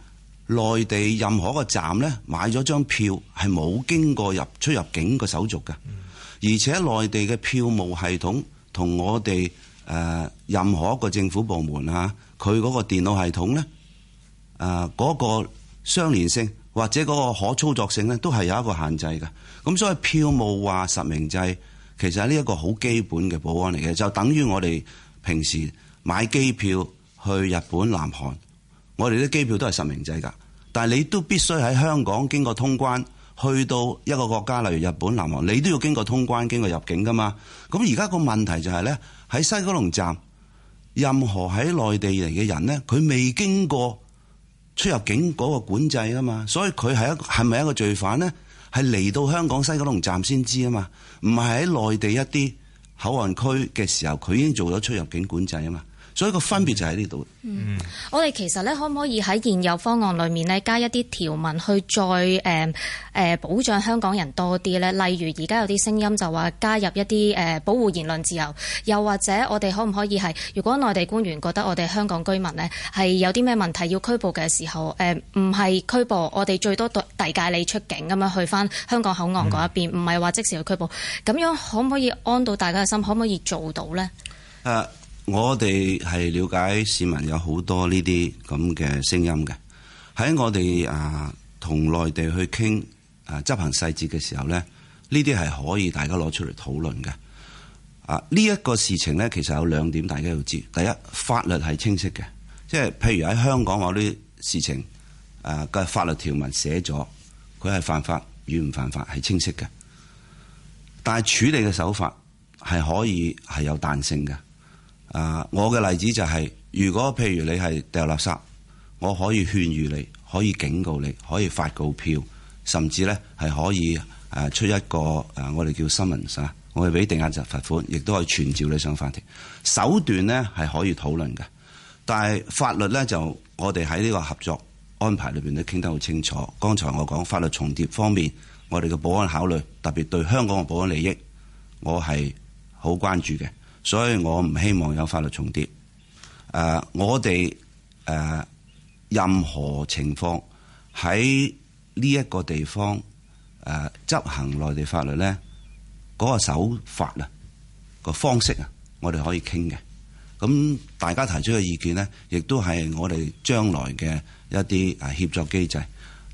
內地任何一個站呢買咗張票，係冇經過入出入境嘅手續嘅，而且內地嘅票務系統同我哋誒、呃、任何一個政府部門啊，佢嗰個電腦系統呢，誒、呃、嗰、個相連性或者嗰個可操作性呢，都係有一個限制嘅。咁所以票務話實名制，其實係呢一個好基本嘅保安嚟嘅，就等於我哋平時買機票。去日本、南韓，我哋啲機票都係實名制㗎。但係你都必須喺香港經過通關去到一個國家，例如日本、南韓，你都要經過通關經過入境㗎嘛。咁而家個問題就係咧，喺西九龍站，任何喺內地嚟嘅人咧，佢未經過出入境嗰個管制啊嘛。所以佢係一係咪一個罪犯咧？係嚟到香港西九龍站先知啊嘛。唔係喺內地一啲口岸區嘅時候，佢已經做咗出入境管制啊嘛。所以個分別就喺呢度。嗯，我哋其實呢，可唔可以喺現有方案裏面呢，加一啲條文去再誒誒、呃呃、保障香港人多啲呢？例如而家有啲聲音就話加入一啲誒、呃、保護言論自由，又或者我哋可唔可以係，如果內地官員覺得我哋香港居民呢係有啲咩問題要拘捕嘅時候，誒唔係拘捕，我哋最多遞解你出境咁樣去返香港口岸嗰一邊，唔係話即時去拘捕，咁樣可唔可以安到大家嘅心？可唔可以做到呢？誒、呃。我哋係了解市民有好多呢啲咁嘅聲音嘅、啊，喺我哋啊同內地去傾啊執行細節嘅時候咧，呢啲係可以大家攞出嚟討論嘅。啊，呢、這、一個事情咧，其實有兩點大家要知：第一，法律係清晰嘅，即係譬如喺香港我啲事情啊嘅法律條文寫咗，佢係犯法與唔犯法係清晰嘅。但係處理嘅手法係可以係有彈性嘅。啊！Uh, 我嘅例子就係、是，如果譬如你係掉垃圾，我可以勸喻你，可以警告你，可以發告票，甚至呢係可以誒出一個誒、啊、我哋叫 summons、um 啊、我哋俾定額就罰款，亦都可以傳召你上法庭。手段呢係可以討論嘅，但係法律呢，就我哋喺呢個合作安排裏邊都傾得好清楚。剛才我講法律重疊方面，我哋嘅保安考慮，特別對香港嘅保安利益，我係好關注嘅。所以我唔希望有法律重疊。誒、呃，我哋誒、呃、任何情況喺呢一個地方誒、呃、執行內地法律呢嗰、嗰個手法啊，個方式啊，我哋可以傾嘅。咁、呃、大家提出嘅意見呢，亦都係我哋將來嘅一啲誒協作機制誒、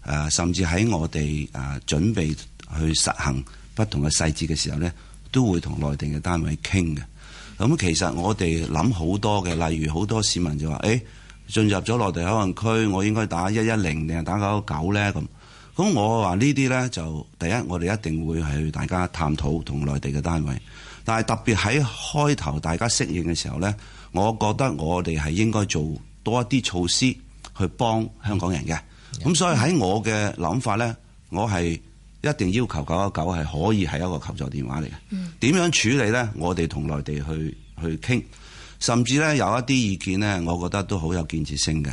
呃，甚至喺我哋誒、呃、準備去實行不同嘅細節嘅時候呢，都會同內地嘅單位傾嘅。咁其實我哋諗好多嘅，例如好多市民就話：「誒、欸、進入咗內地口岸區，我應該打一一零定係打九九九呢？」咁，咁我話呢啲呢，就第一我哋一定會係去大家探討同內地嘅單位，但係特別喺開頭大家適應嘅時候呢，我覺得我哋係應該做多一啲措施去幫香港人嘅。咁、嗯、所以喺我嘅諗法呢，我係。一定要求九一九係可以係一個求助電話嚟嘅，點、嗯、樣處理呢？我哋同內地去去傾，甚至呢有一啲意見呢，我覺得都好有建設性嘅。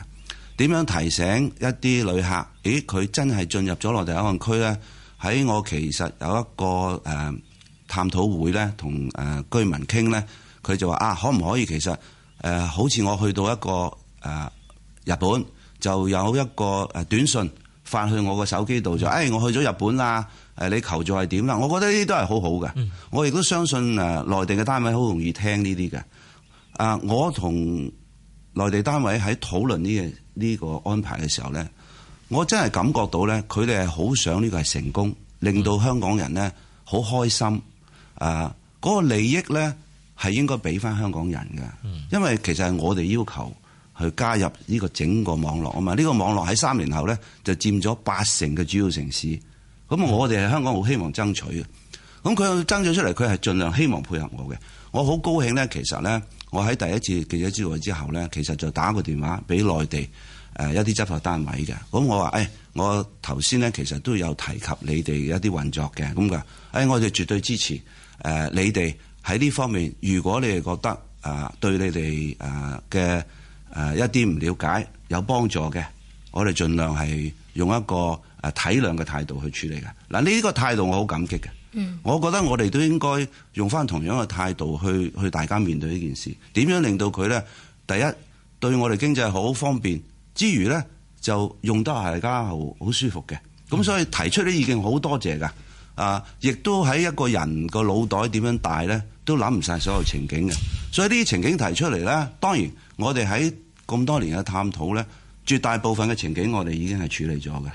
點樣提醒一啲旅客？咦，佢真係進入咗內地口岸區呢？喺我其實有一個誒、呃、探討會呢，同誒、呃、居民傾呢，佢就話啊，可唔可以其實誒、呃、好似我去到一個誒、呃、日本就有一個誒短訊。發去我個手機度就，誒、哎，我去咗日本啦，誒，你求助係點啦？我覺得呢啲都係好好嘅，我亦都相信誒、呃、內地嘅單位好容易聽呢啲嘅。啊、呃，我同內地單位喺討論呢個呢個安排嘅時候呢，我真係感覺到呢，佢哋係好想呢個係成功，令到香港人呢好開心。啊、呃，嗰、那個利益呢，係應該俾翻香港人嘅，因為其實係我哋要求。去加入呢個整個網絡啊嘛！呢個網絡喺三年後咧就佔咗八成嘅主要城市。咁我哋係香港好希望爭取嘅。咁佢爭取出嚟，佢係盡量希望配合我嘅。我好高興咧，其實咧，我喺第一次記者招待之後咧，其實就打個電話俾內地誒一啲執法單位嘅。咁我話誒、哎，我頭先咧其實都有提及你哋一啲運作嘅咁嘅。誒、哎，我哋絕對支持誒、呃、你哋喺呢方面。如果你哋覺得啊、呃，對你哋啊嘅。呃誒、呃、一啲唔了解有幫助嘅，我哋盡量係用一個誒、呃、體諒嘅態度去處理嘅。嗱、呃，呢、這個態度我好感激嘅。嗯，我覺得我哋都應該用翻同樣嘅態度去去大家面對呢件事，點樣令到佢咧？第一對我哋經濟好，好方便之餘咧，就用得大家好好舒服嘅。咁、嗯嗯、所以提出啲意見好多謝嘅。啊、呃，亦都喺一個人個腦袋點樣大咧，都諗唔晒所有情景嘅。所以呢啲情景提出嚟咧，當然。當然我哋喺咁多年嘅探討呢，絕大部分嘅情景我我，我哋已經係處理咗嘅。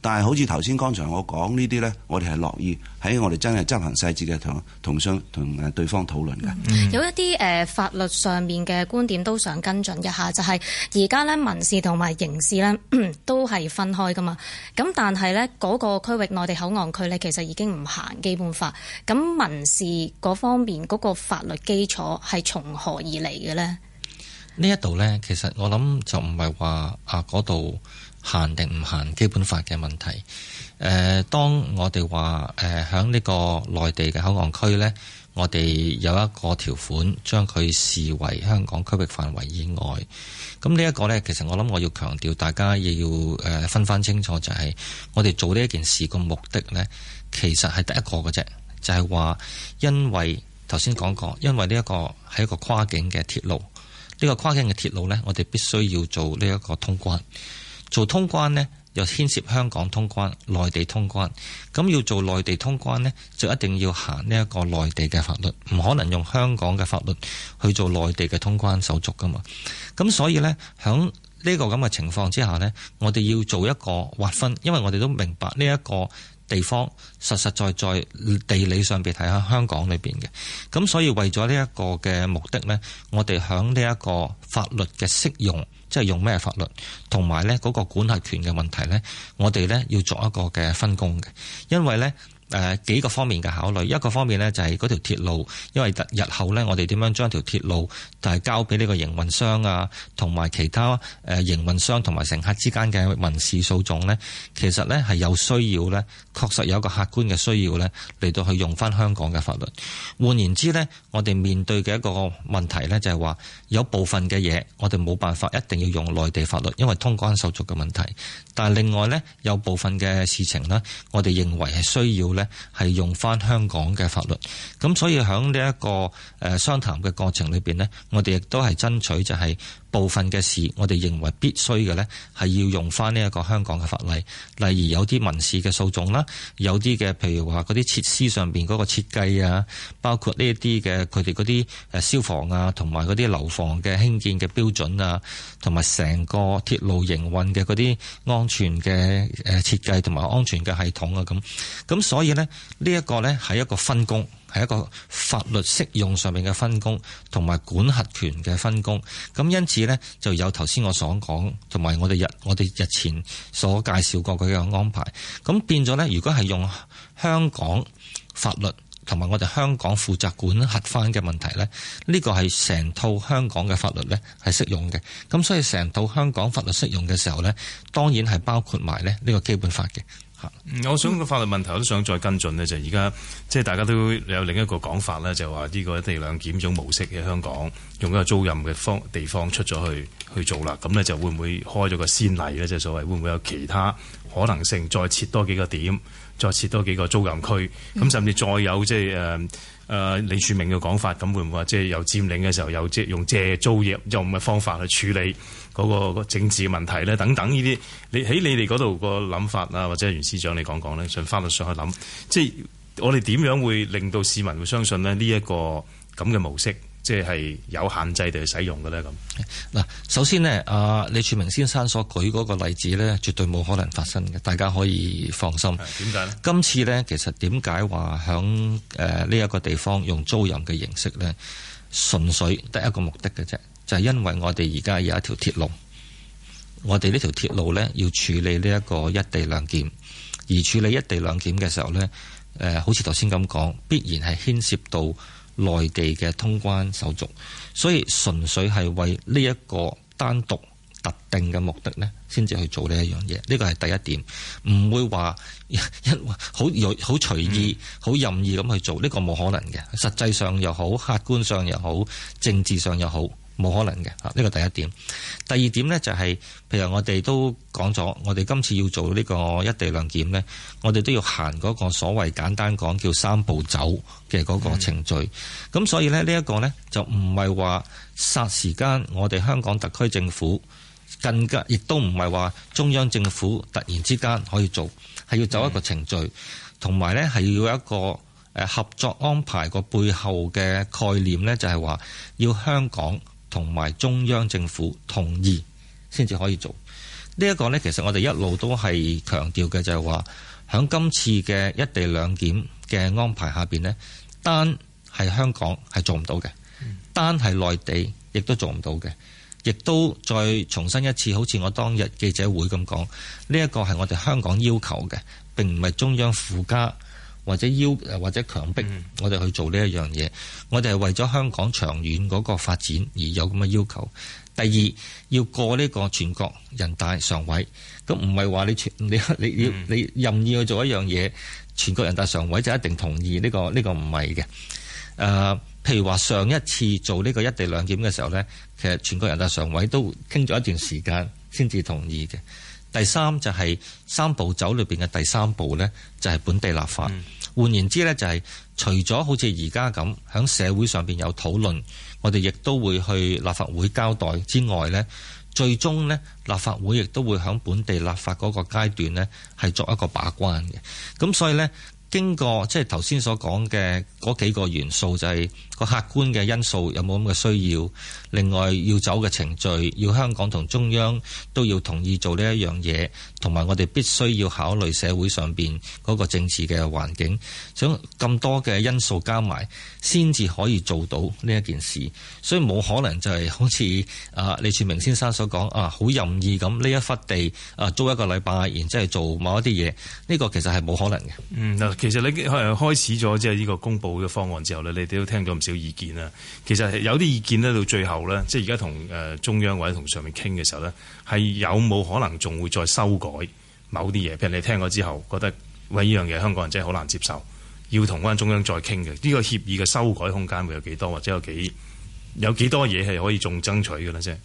但係好似頭先剛才我講呢啲呢，我哋係樂意喺我哋真係執行細節嘅同同商同誒對方討論嘅。嗯嗯、有一啲誒法律上面嘅觀點都想跟進一下，就係而家呢，民事同埋刑事呢都係分開噶嘛。咁但係呢，嗰個區域內地口岸區呢，其實已經唔行基本法，咁民事嗰方面嗰個法律基礎係從何而嚟嘅呢？呢一度呢，其實我諗就唔係話啊嗰度行定唔行基本法嘅問題。誒、呃，當我哋話誒喺呢個內地嘅口岸區呢，我哋有一個條款將佢視為香港區域範圍以外。咁呢一個呢，其實我諗我要強調，大家又要誒、呃、分翻清楚，就係我哋做呢一件事個目的呢，其實係得一個嘅啫，就係、是、話因為頭先講過，因為呢一個係一個跨境嘅鐵路。呢個跨境嘅鐵路呢，我哋必須要做呢一個通關。做通關呢，又牽涉香港通關、內地通關。咁要做內地通關呢，就一定要行呢一個內地嘅法律，唔可能用香港嘅法律去做內地嘅通關手續噶嘛。咁所以呢，喺呢個咁嘅情況之下呢，我哋要做一個劃分，因為我哋都明白呢一個。地方實實在在地理上邊，睇喺香港裏邊嘅，咁所以為咗呢一個嘅目的呢，我哋響呢一個法律嘅適用，即係用咩法律，同埋呢嗰個管轄權嘅問題呢，我哋呢要做一個嘅分工嘅，因為呢。誒幾個方面嘅考慮，一個方面咧就係條鐵路，因為日日後咧，我哋點樣將條鐵路就係交俾呢個營運商啊，同埋其他誒營運商同埋乘客之間嘅民事訴訟咧，其實咧係有需要咧，確實有一個客觀嘅需要咧嚟到去用翻香港嘅法律。換言之咧，我哋面對嘅一個問題咧，就係話有部分嘅嘢我哋冇辦法一定要用內地法律，因為通關手續嘅問題，但係另外咧，有部分嘅事情咧，我哋認為係需要。咧係用翻香港嘅法律，咁所以響呢一個誒商談嘅過程裏邊咧，我哋亦都係爭取就係、是。部分嘅事，我哋認為必須嘅咧，係要用翻呢一個香港嘅法例，例如有啲民事嘅訴訟啦，有啲嘅譬如話嗰啲設施上邊嗰個設計啊，包括呢一啲嘅佢哋嗰啲誒消防啊，同埋嗰啲樓房嘅興建嘅標準啊，同埋成個鐵路營運嘅嗰啲安全嘅誒設計同埋安全嘅系統啊，咁咁所以咧呢一個咧係一個分工。係一個法律適用上面嘅分工，同埋管轄權嘅分工。咁因此呢，就有頭先我所講，同埋我哋日我哋日前所介紹過嗰個安排。咁變咗呢，如果係用香港法律同埋我哋香港負責管轄返嘅問題呢，呢、呢個係成套香港嘅法律呢係適用嘅。咁所以成套香港法律適用嘅時候呢，當然係包括埋呢呢個基本法嘅。嗯，我想個法律問題我都想再跟進呢。就而家即係大家都有另一個講法咧，就話呢個一地兩檢種模式喺香港用一個租賃嘅方地方出咗去去做啦，咁呢就會唔會開咗個先例呢？即係所謂會唔會有其他可能性，再設多幾個點，再設多幾個租賃區，咁甚至再有即係誒誒李柱銘嘅講法，咁會唔會話即係有佔領嘅時候又即係用借租業又唔嘅方法去處理？嗰個政治嘅問題咧，等等呢啲，你喺你哋嗰度個諗法啊，或者袁司長你講講咧，上法律上去諗，即係我哋點樣會令到市民會相信咧呢一個咁嘅模式，即係有限制地使用嘅咧咁。嗱，首先呢，阿李柱銘先生所舉嗰個例子咧，絕對冇可能發生嘅，大家可以放心。點解呢？今次咧，其實點解話響誒呢一個地方用租賃嘅形式咧，純粹得一個目的嘅啫。就係因為我哋而家有一條鐵路，我哋呢條鐵路咧要處理呢一個一地兩檢，而處理一地兩檢嘅時候咧，誒好似頭先咁講，必然係牽涉到內地嘅通關手續，所以純粹係為呢一個單獨特定嘅目的咧，先至去做呢一樣嘢。呢個係第一點，唔會話一好隨好隨意好任意咁去做，呢個冇可能嘅。實際上又好，客觀上又好，政治上又好。冇可能嘅啊！呢個第一點，第二點呢，就係、是，譬如我哋都講咗，我哋今次要做呢個一地兩檢呢，我哋都要行嗰個所謂簡單講叫三步走嘅嗰個程序。咁、嗯、所以呢，呢、這、一個呢，就唔係話霎時間，我哋香港特區政府更加亦都唔係話中央政府突然之間可以做，係要走一個程序，同埋、嗯、呢，係要有一個合作安排個背後嘅概念呢，就係、是、話要香港。同埋中央政府同意先至可以做呢一個咧。其實我哋一路都係強調嘅，就係話響今次嘅一地兩檢嘅安排下邊咧，單係香港係做唔到嘅，嗯、單係內地亦都做唔到嘅，亦都再重申一次，好似我當日記者會咁講，呢一個係我哋香港要求嘅，並唔係中央附加。或者要或者強迫我哋去做呢一樣嘢。嗯、我哋係為咗香港長遠嗰個發展而有咁嘅要求。第二，要過呢個全國人大常委，咁唔係話你全你你要你任意去做一樣嘢，全國人大常委就一定同意呢、呢個呢、呢個唔係嘅。誒、呃，譬如話上一次做呢個一地兩檢嘅時候呢，其實全國人大常委都傾咗一段時間先至同意嘅。第三就係、係、三步走裏邊嘅第三步呢，就係本地立法。嗯換言之咧、就是，就係除咗好似而家咁喺社會上邊有討論，我哋亦都會去立法會交代之外呢，最終呢，立法會亦都會喺本地立法嗰個階段呢，係作一個把關嘅。咁所以呢，經過即係頭先所講嘅嗰幾個元素，就係、是、個客觀嘅因素有冇咁嘅需要。另外要走嘅程序，要香港同中央都要同意做呢一樣嘢，同埋我哋必須要考慮社會上邊嗰個政治嘅環境，想咁多嘅因素加埋，先至可以做到呢一件事，所以冇可能就係好似啊李柱銘先生所講啊，好任意咁呢一忽地啊租一個禮拜，然之後做某一啲嘢，呢個其實係冇可能嘅。嗯，嗱，其實你可能開始咗即係呢個公布嘅方案之後咧，你哋都聽咗唔少意見啦。其實有啲意見咧到最後。即係而家同誒中央或者同上面傾嘅時候呢，係有冇可能仲會再修改某啲嘢？譬如你聽過之後覺得，喂呢樣嘢香港人真係好難接受，要同翻中央再傾嘅呢個協議嘅修改空間會有幾多，或者有幾有幾多嘢係可以仲爭取嘅呢？即係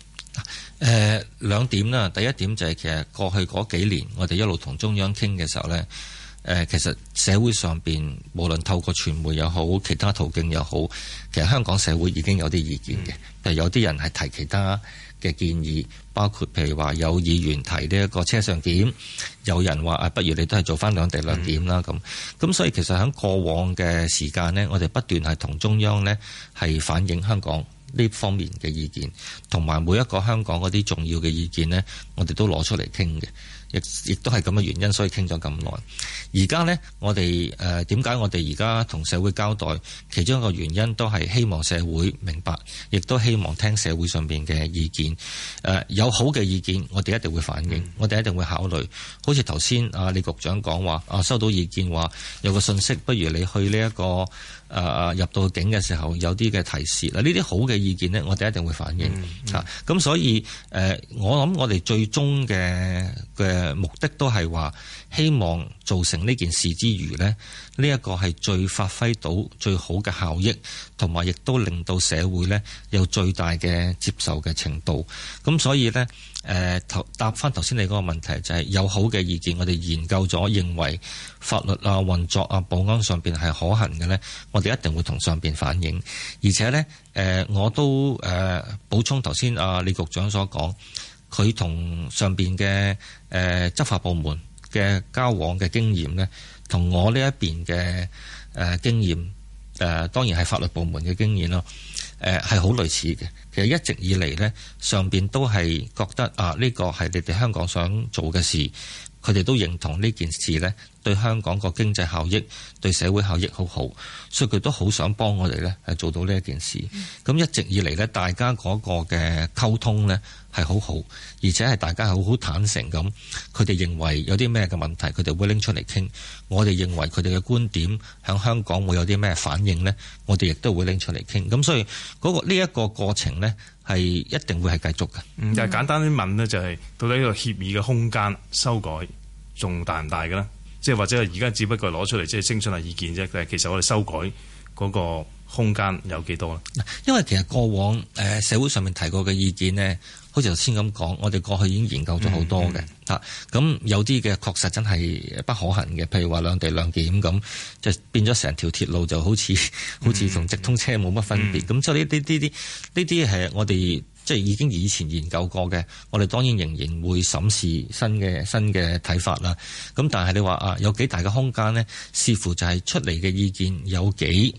誒兩點啦，第一點就係其實過去嗰幾年，我哋一路同中央傾嘅時候呢。誒，其實社會上邊無論透過傳媒又好，其他途徑又好，其實香港社會已經有啲意見嘅，但有啲人係提其他嘅建議，包括譬如話有議員提呢一個車上檢，有人話啊，不如你都係做返兩地兩檢啦咁。咁所以其實喺過往嘅時間呢，我哋不斷係同中央呢係反映香港呢方面嘅意見，同埋每一個香港嗰啲重要嘅意見呢，我哋都攞出嚟傾嘅。亦亦都係咁嘅原因，所以傾咗咁耐。而家呢，我哋誒點解我哋而家同社會交代？其中一個原因都係希望社會明白，亦都希望聽社會上面嘅意見。誒、呃、有好嘅意見，我哋一定會反映，我哋一定會考慮。好似頭先啊李局長講話啊，收到意見話有個信息，不如你去呢、這、一個。誒，誒入到境嘅時候，有啲嘅提示嗱，呢啲好嘅意見咧，我哋一定會反映吓，咁所以誒、呃，我諗我哋最終嘅嘅目的都係話。希望做成呢件事之餘咧，呢一個係最發揮到最好嘅效益，同埋亦都令到社會咧有最大嘅接受嘅程度。咁所以咧，誒答翻頭先你嗰個問題，就係有好嘅意見，我哋研究咗，認為法律啊運作啊保安上邊係可行嘅咧，我哋一定會同上邊反映。而且咧，誒我都誒補充頭先啊李局長所講，佢同上邊嘅誒執法部門。嘅交往嘅經驗呢，同我呢一邊嘅誒經驗誒，當然係法律部門嘅經驗咯，誒係好類似嘅。其實一直以嚟呢，上邊都係覺得啊，呢個係你哋香港想做嘅事。佢哋都認同呢件事呢，對香港個經濟效益、對社會效益好好，所以佢都好想幫我哋呢係做到呢一件事。咁、嗯、一直以嚟呢，大家嗰個嘅溝通呢係好好，而且係大家好好坦誠咁。佢哋認為有啲咩嘅問題，佢哋會拎出嚟傾。我哋認為佢哋嘅觀點喺香港會有啲咩反應呢？我哋亦都會拎出嚟傾。咁所以嗰、那個呢一、這個過程呢，係一定會係繼續嘅。嗯，就簡單啲問咧、就是，就係到底呢個協議嘅空間修改仲大唔大嘅咧？即係或者係而家只不過攞出嚟即係徵詢下意見啫。但係其實我哋修改嗰個空間有幾多咧？因為其實過往誒、呃、社會上面提過嘅意見咧。好似頭先咁講，我哋過去已經研究咗好多嘅，啊、嗯嗯，咁有啲嘅確實真係不可行嘅，譬如話兩地兩檢咁，就變咗成條鐵路就好似好似同直通車冇乜分別，咁所以呢啲呢啲呢啲係我哋即係已經以前研究過嘅，我哋當然仍然會審視新嘅新嘅睇法啦。咁但係你話啊，有幾大嘅空間呢？視乎就係出嚟嘅意見有幾。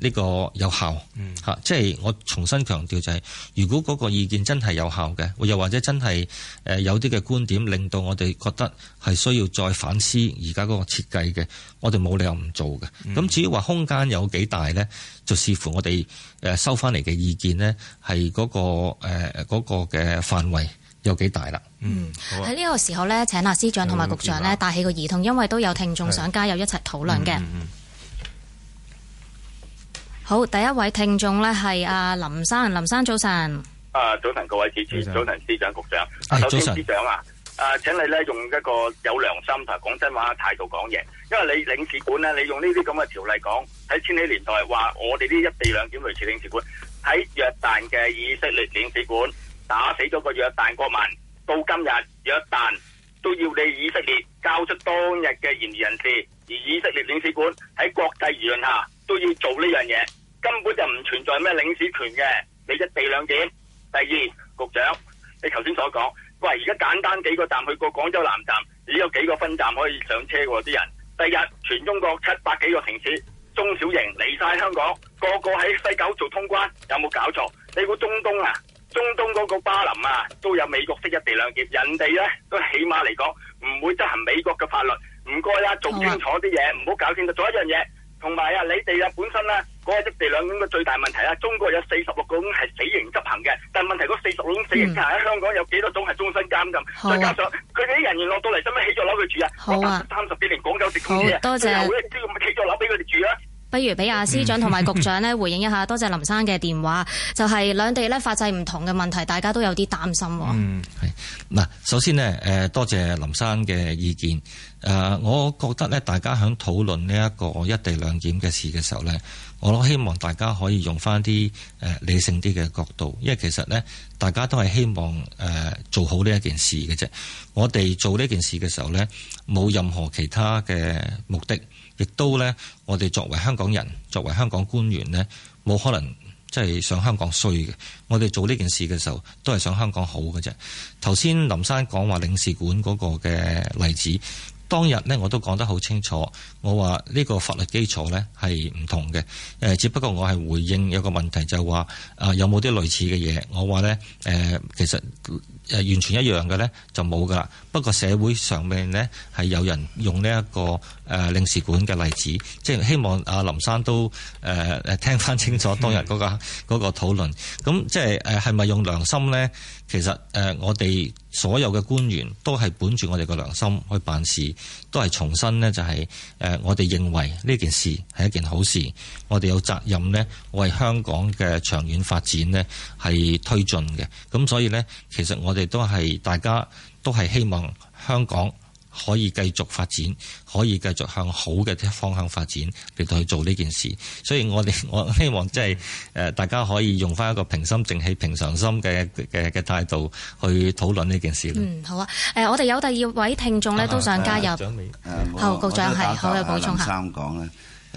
呢個有效嚇，嗯、即係我重新強調就係、是，如果嗰個意見真係有效嘅，又或者真係誒有啲嘅觀點令到我哋覺得係需要再反思而家嗰個設計嘅，我哋冇理由唔做嘅。咁、嗯、至於話空間有幾大呢？就視乎我哋誒收翻嚟嘅意見呢、那個，係、呃、嗰、那個誒嘅範圍有幾大啦。嗯，喺呢個時候呢，請阿司長同埋局長呢帶起個議題，因為都有聽眾想加入一齊討論嘅。嗯嗯嗯好，第一位聽眾咧係阿林生，林生早晨。啊，早晨各位主持，早晨司長局長，首先首長司長啊，啊，請你咧用一個有良心同埋講真話嘅態度講嘢，因為你領事館咧、啊，你用呢啲咁嘅條例講喺千禧年代話，我哋呢一地兩檢類似領事館喺約旦嘅以色列領事館打死咗個約旦國民，到今日約旦都要你以色列交出當日嘅嫌疑人士，而以色列領事館喺國際輿論下都要做呢樣嘢。根本就唔存在咩領事權嘅，你一地兩檢。第二，局長，你頭先所講，喂，而家簡單幾個站去過廣州南站，已有幾個分站可以上車喎，啲人。第二，全中國七百幾個城市，中小型嚟晒香港，個個喺西九做通關，有冇搞錯？你估中東啊？中東嗰個巴林啊，都有美國式一地兩檢，人哋呢，都起碼嚟講唔會執行美國嘅法律。唔該啦，做清楚啲嘢，唔好搞清楚，做一樣嘢。同埋啊，你哋啊本身啦，嗰個一地兩檢嘅最大問題啊，中國有四十六個種係死刑執行嘅，但問題嗰四十六種死刑喺香港有幾多種係終身監禁？再加上佢哋啲人員落到嚟，使咩起咗樓佢住啊？好啊，三十幾年廣州食苦嘅，好多謝。不如俾阿司長同埋局長呢，回應一下，多謝林生嘅電話，就係兩地呢，法制唔同嘅問題，大家都有啲擔心。嗯，嗱，首先呢，誒多謝林生嘅意見。誒，uh, 我覺得咧，大家喺討論呢一個一地兩檢嘅事嘅時候咧，我希望大家可以用翻啲誒理性啲嘅角度，因為其實咧，大家都係希望誒、呃、做好呢一件事嘅啫。我哋做呢件事嘅時候呢，冇任何其他嘅目的，亦都呢，我哋作為香港人，作為香港官員呢，冇可能即係想香港衰嘅。我哋做呢件事嘅時候，都係想香港好嘅啫。頭先林生講話領事館嗰個嘅例子。當日呢，我都講得好清楚，我話呢個法律基礎呢係唔同嘅，誒只不過我係回應有個問題就話啊有冇啲類似嘅嘢？我話呢，誒、呃、其實誒完全一樣嘅呢，就冇噶啦。一個社會上面呢，係有人用呢一個誒領事館嘅例子，即係希望阿林生都誒誒聽翻清楚當日嗰、嗰個嗰、嗯、個討論。咁即係誒係咪用良心呢？其實誒我哋所有嘅官員都係本住我哋個良心去辦事，都係重新呢，就係誒我哋認為呢件事係一件好事，我哋有責任呢，為香港嘅長遠發展呢係推進嘅。咁所以呢，其實我哋都係大家。都係希望香港可以繼續發展，可以繼續向好嘅方向發展嚟到去做呢件事。所以我哋我希望即係誒，大家可以用返一個平心靜氣、平常心嘅嘅態度去討論呢件事，嗯、好啊。誒、啊，我哋有第二位聽眾咧，都想加入。李局、啊嗯啊啊、長係、啊啊啊啊、好，有補充下。三講咧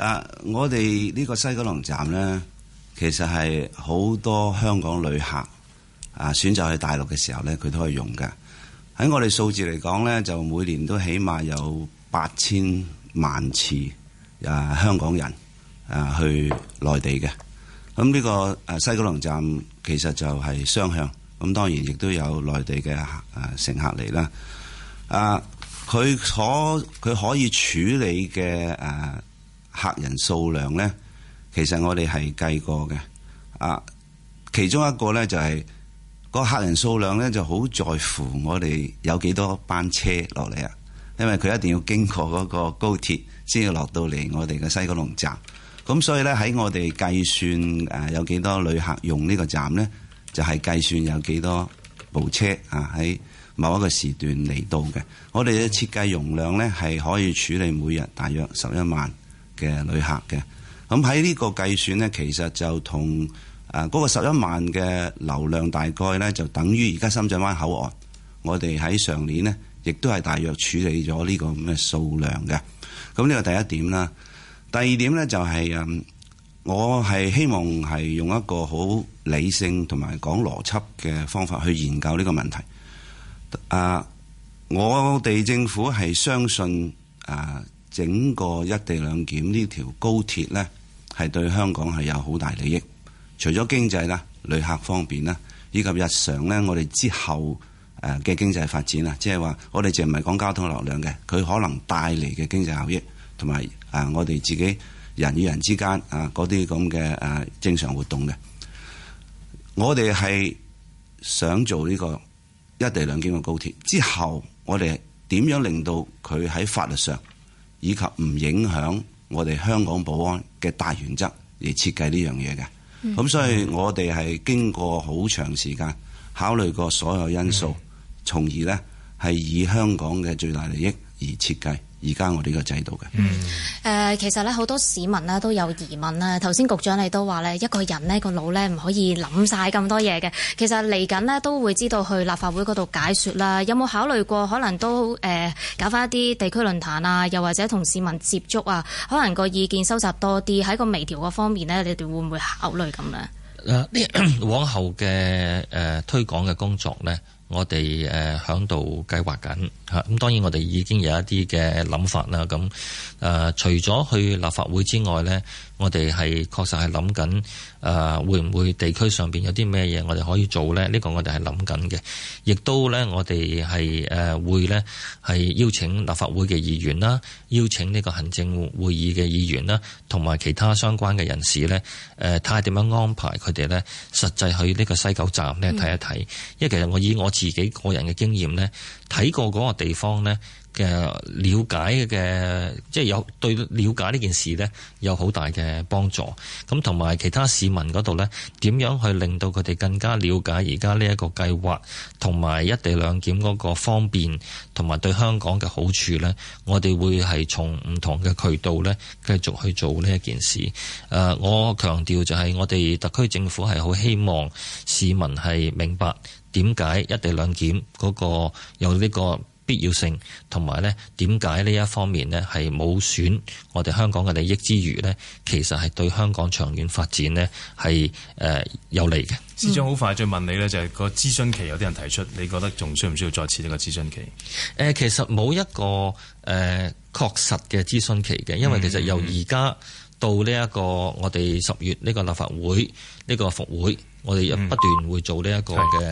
啊，我哋呢個西九龍站咧，其實係好多香港旅客啊，選擇去大陸嘅時候咧，佢都可以用嘅。喺我哋數字嚟講呢就每年都起碼有八千萬次啊，香港人啊去內地嘅。咁呢個誒西九龍站其實就係雙向，咁當然亦都有內地嘅乘客嚟啦。啊，佢可佢可以處理嘅誒客人數量呢，其實我哋係計過嘅。啊，其中一個呢，就係，就係。個客人數量咧就好在乎我哋有幾多班車落嚟啊！因為佢一定要經過嗰個高鐵先要落到嚟我哋嘅西九龍站。咁所以呢，喺我哋計算誒有幾多旅客用呢個站呢，就係計算有幾多部車啊喺某一個時段嚟到嘅。我哋嘅設計容量呢，係可以處理每日大約十一萬嘅旅客嘅。咁喺呢個計算呢，其實就同。啊！嗰個十一萬嘅流量大概呢，就等於而家深圳灣口岸，我哋喺上年呢，亦都係大約處理咗呢個咁嘅數量嘅。咁呢個第一點啦。第二點呢，就係，嗯，我係希望係用一個好理性同埋講邏輯嘅方法去研究呢個問題。啊，我哋政府係相信啊，整個一地兩檢呢條高鐵呢，係對香港係有好大利益。除咗經濟啦、旅客方便啦，以及日常咧，我哋之後誒嘅經濟發展啊，即係話我哋就唔係講交通流量嘅，佢可能帶嚟嘅經濟效益同埋啊，我哋自己人與人之間啊嗰啲咁嘅啊正常活動嘅。我哋係想做呢個一地兩檢嘅高鐵之後，我哋點樣令到佢喺法律上以及唔影響我哋香港保安嘅大原則嚟設計呢樣嘢嘅？咁、嗯、所以我哋係經過好長時間考慮過所有因素，嗯、從而呢係以香港嘅最大利益而設計。而家我哋個制度嘅，誒、嗯呃、其實咧好多市民咧都有疑問啦。頭先局長你都話咧，一個人呢個腦咧唔可以諗晒咁多嘢嘅。其實嚟緊呢，都會知道去立法會嗰度解說啦。有冇考慮過可能都誒、呃、搞返一啲地區論壇啊，又或者同市民接觸啊？可能個意見收集多啲喺個微調嗰方面呢，你哋會唔會考慮咁呢、呃？往後嘅誒、呃、推廣嘅工作呢？我哋誒響度計劃緊吓，咁當然我哋已經有一啲嘅諗法啦。咁誒，除咗去立法會之外咧。我哋係確實係諗緊，誒、呃、會唔會地區上邊有啲咩嘢，我哋可以做呢？呢、呢個我哋係諗緊嘅，亦都呢，我哋係誒會呢，係邀請立法會嘅議員啦，邀請呢個行政會議嘅議員啦，同埋其他相關嘅人士呢。誒睇下點樣安排佢哋呢，實際去呢個西九站呢睇一睇。嗯、因為其實我以我自己個人嘅經驗呢，睇過嗰個地方呢。嘅了解嘅，即係有對了解呢件事咧，有好大嘅幫助。咁同埋其他市民嗰度咧，點樣去令到佢哋更加了解而家呢一個計劃同埋一地兩檢嗰個方便，同埋對香港嘅好處咧，我哋會，係從唔同嘅渠道咧，繼續去做呢一件事。誒，我強調就係我哋特區政府係好希望市民係明白點解一地兩檢嗰個有呢個。必要性同埋咧，點解呢一方面咧係冇損我哋香港嘅利益之餘咧，其實係對香港長遠發展咧係誒有利嘅。司長，好快再問你咧，就係、是、個諮詢期，有啲人提出，你覺得仲需唔需要再次呢個諮詢期？誒、呃，其實冇一個誒確、呃、實嘅諮詢期嘅，因為其實由而家到呢一個我哋十月呢個立法會呢、這個復會，我哋不斷會做呢一個嘅。嗯嗯。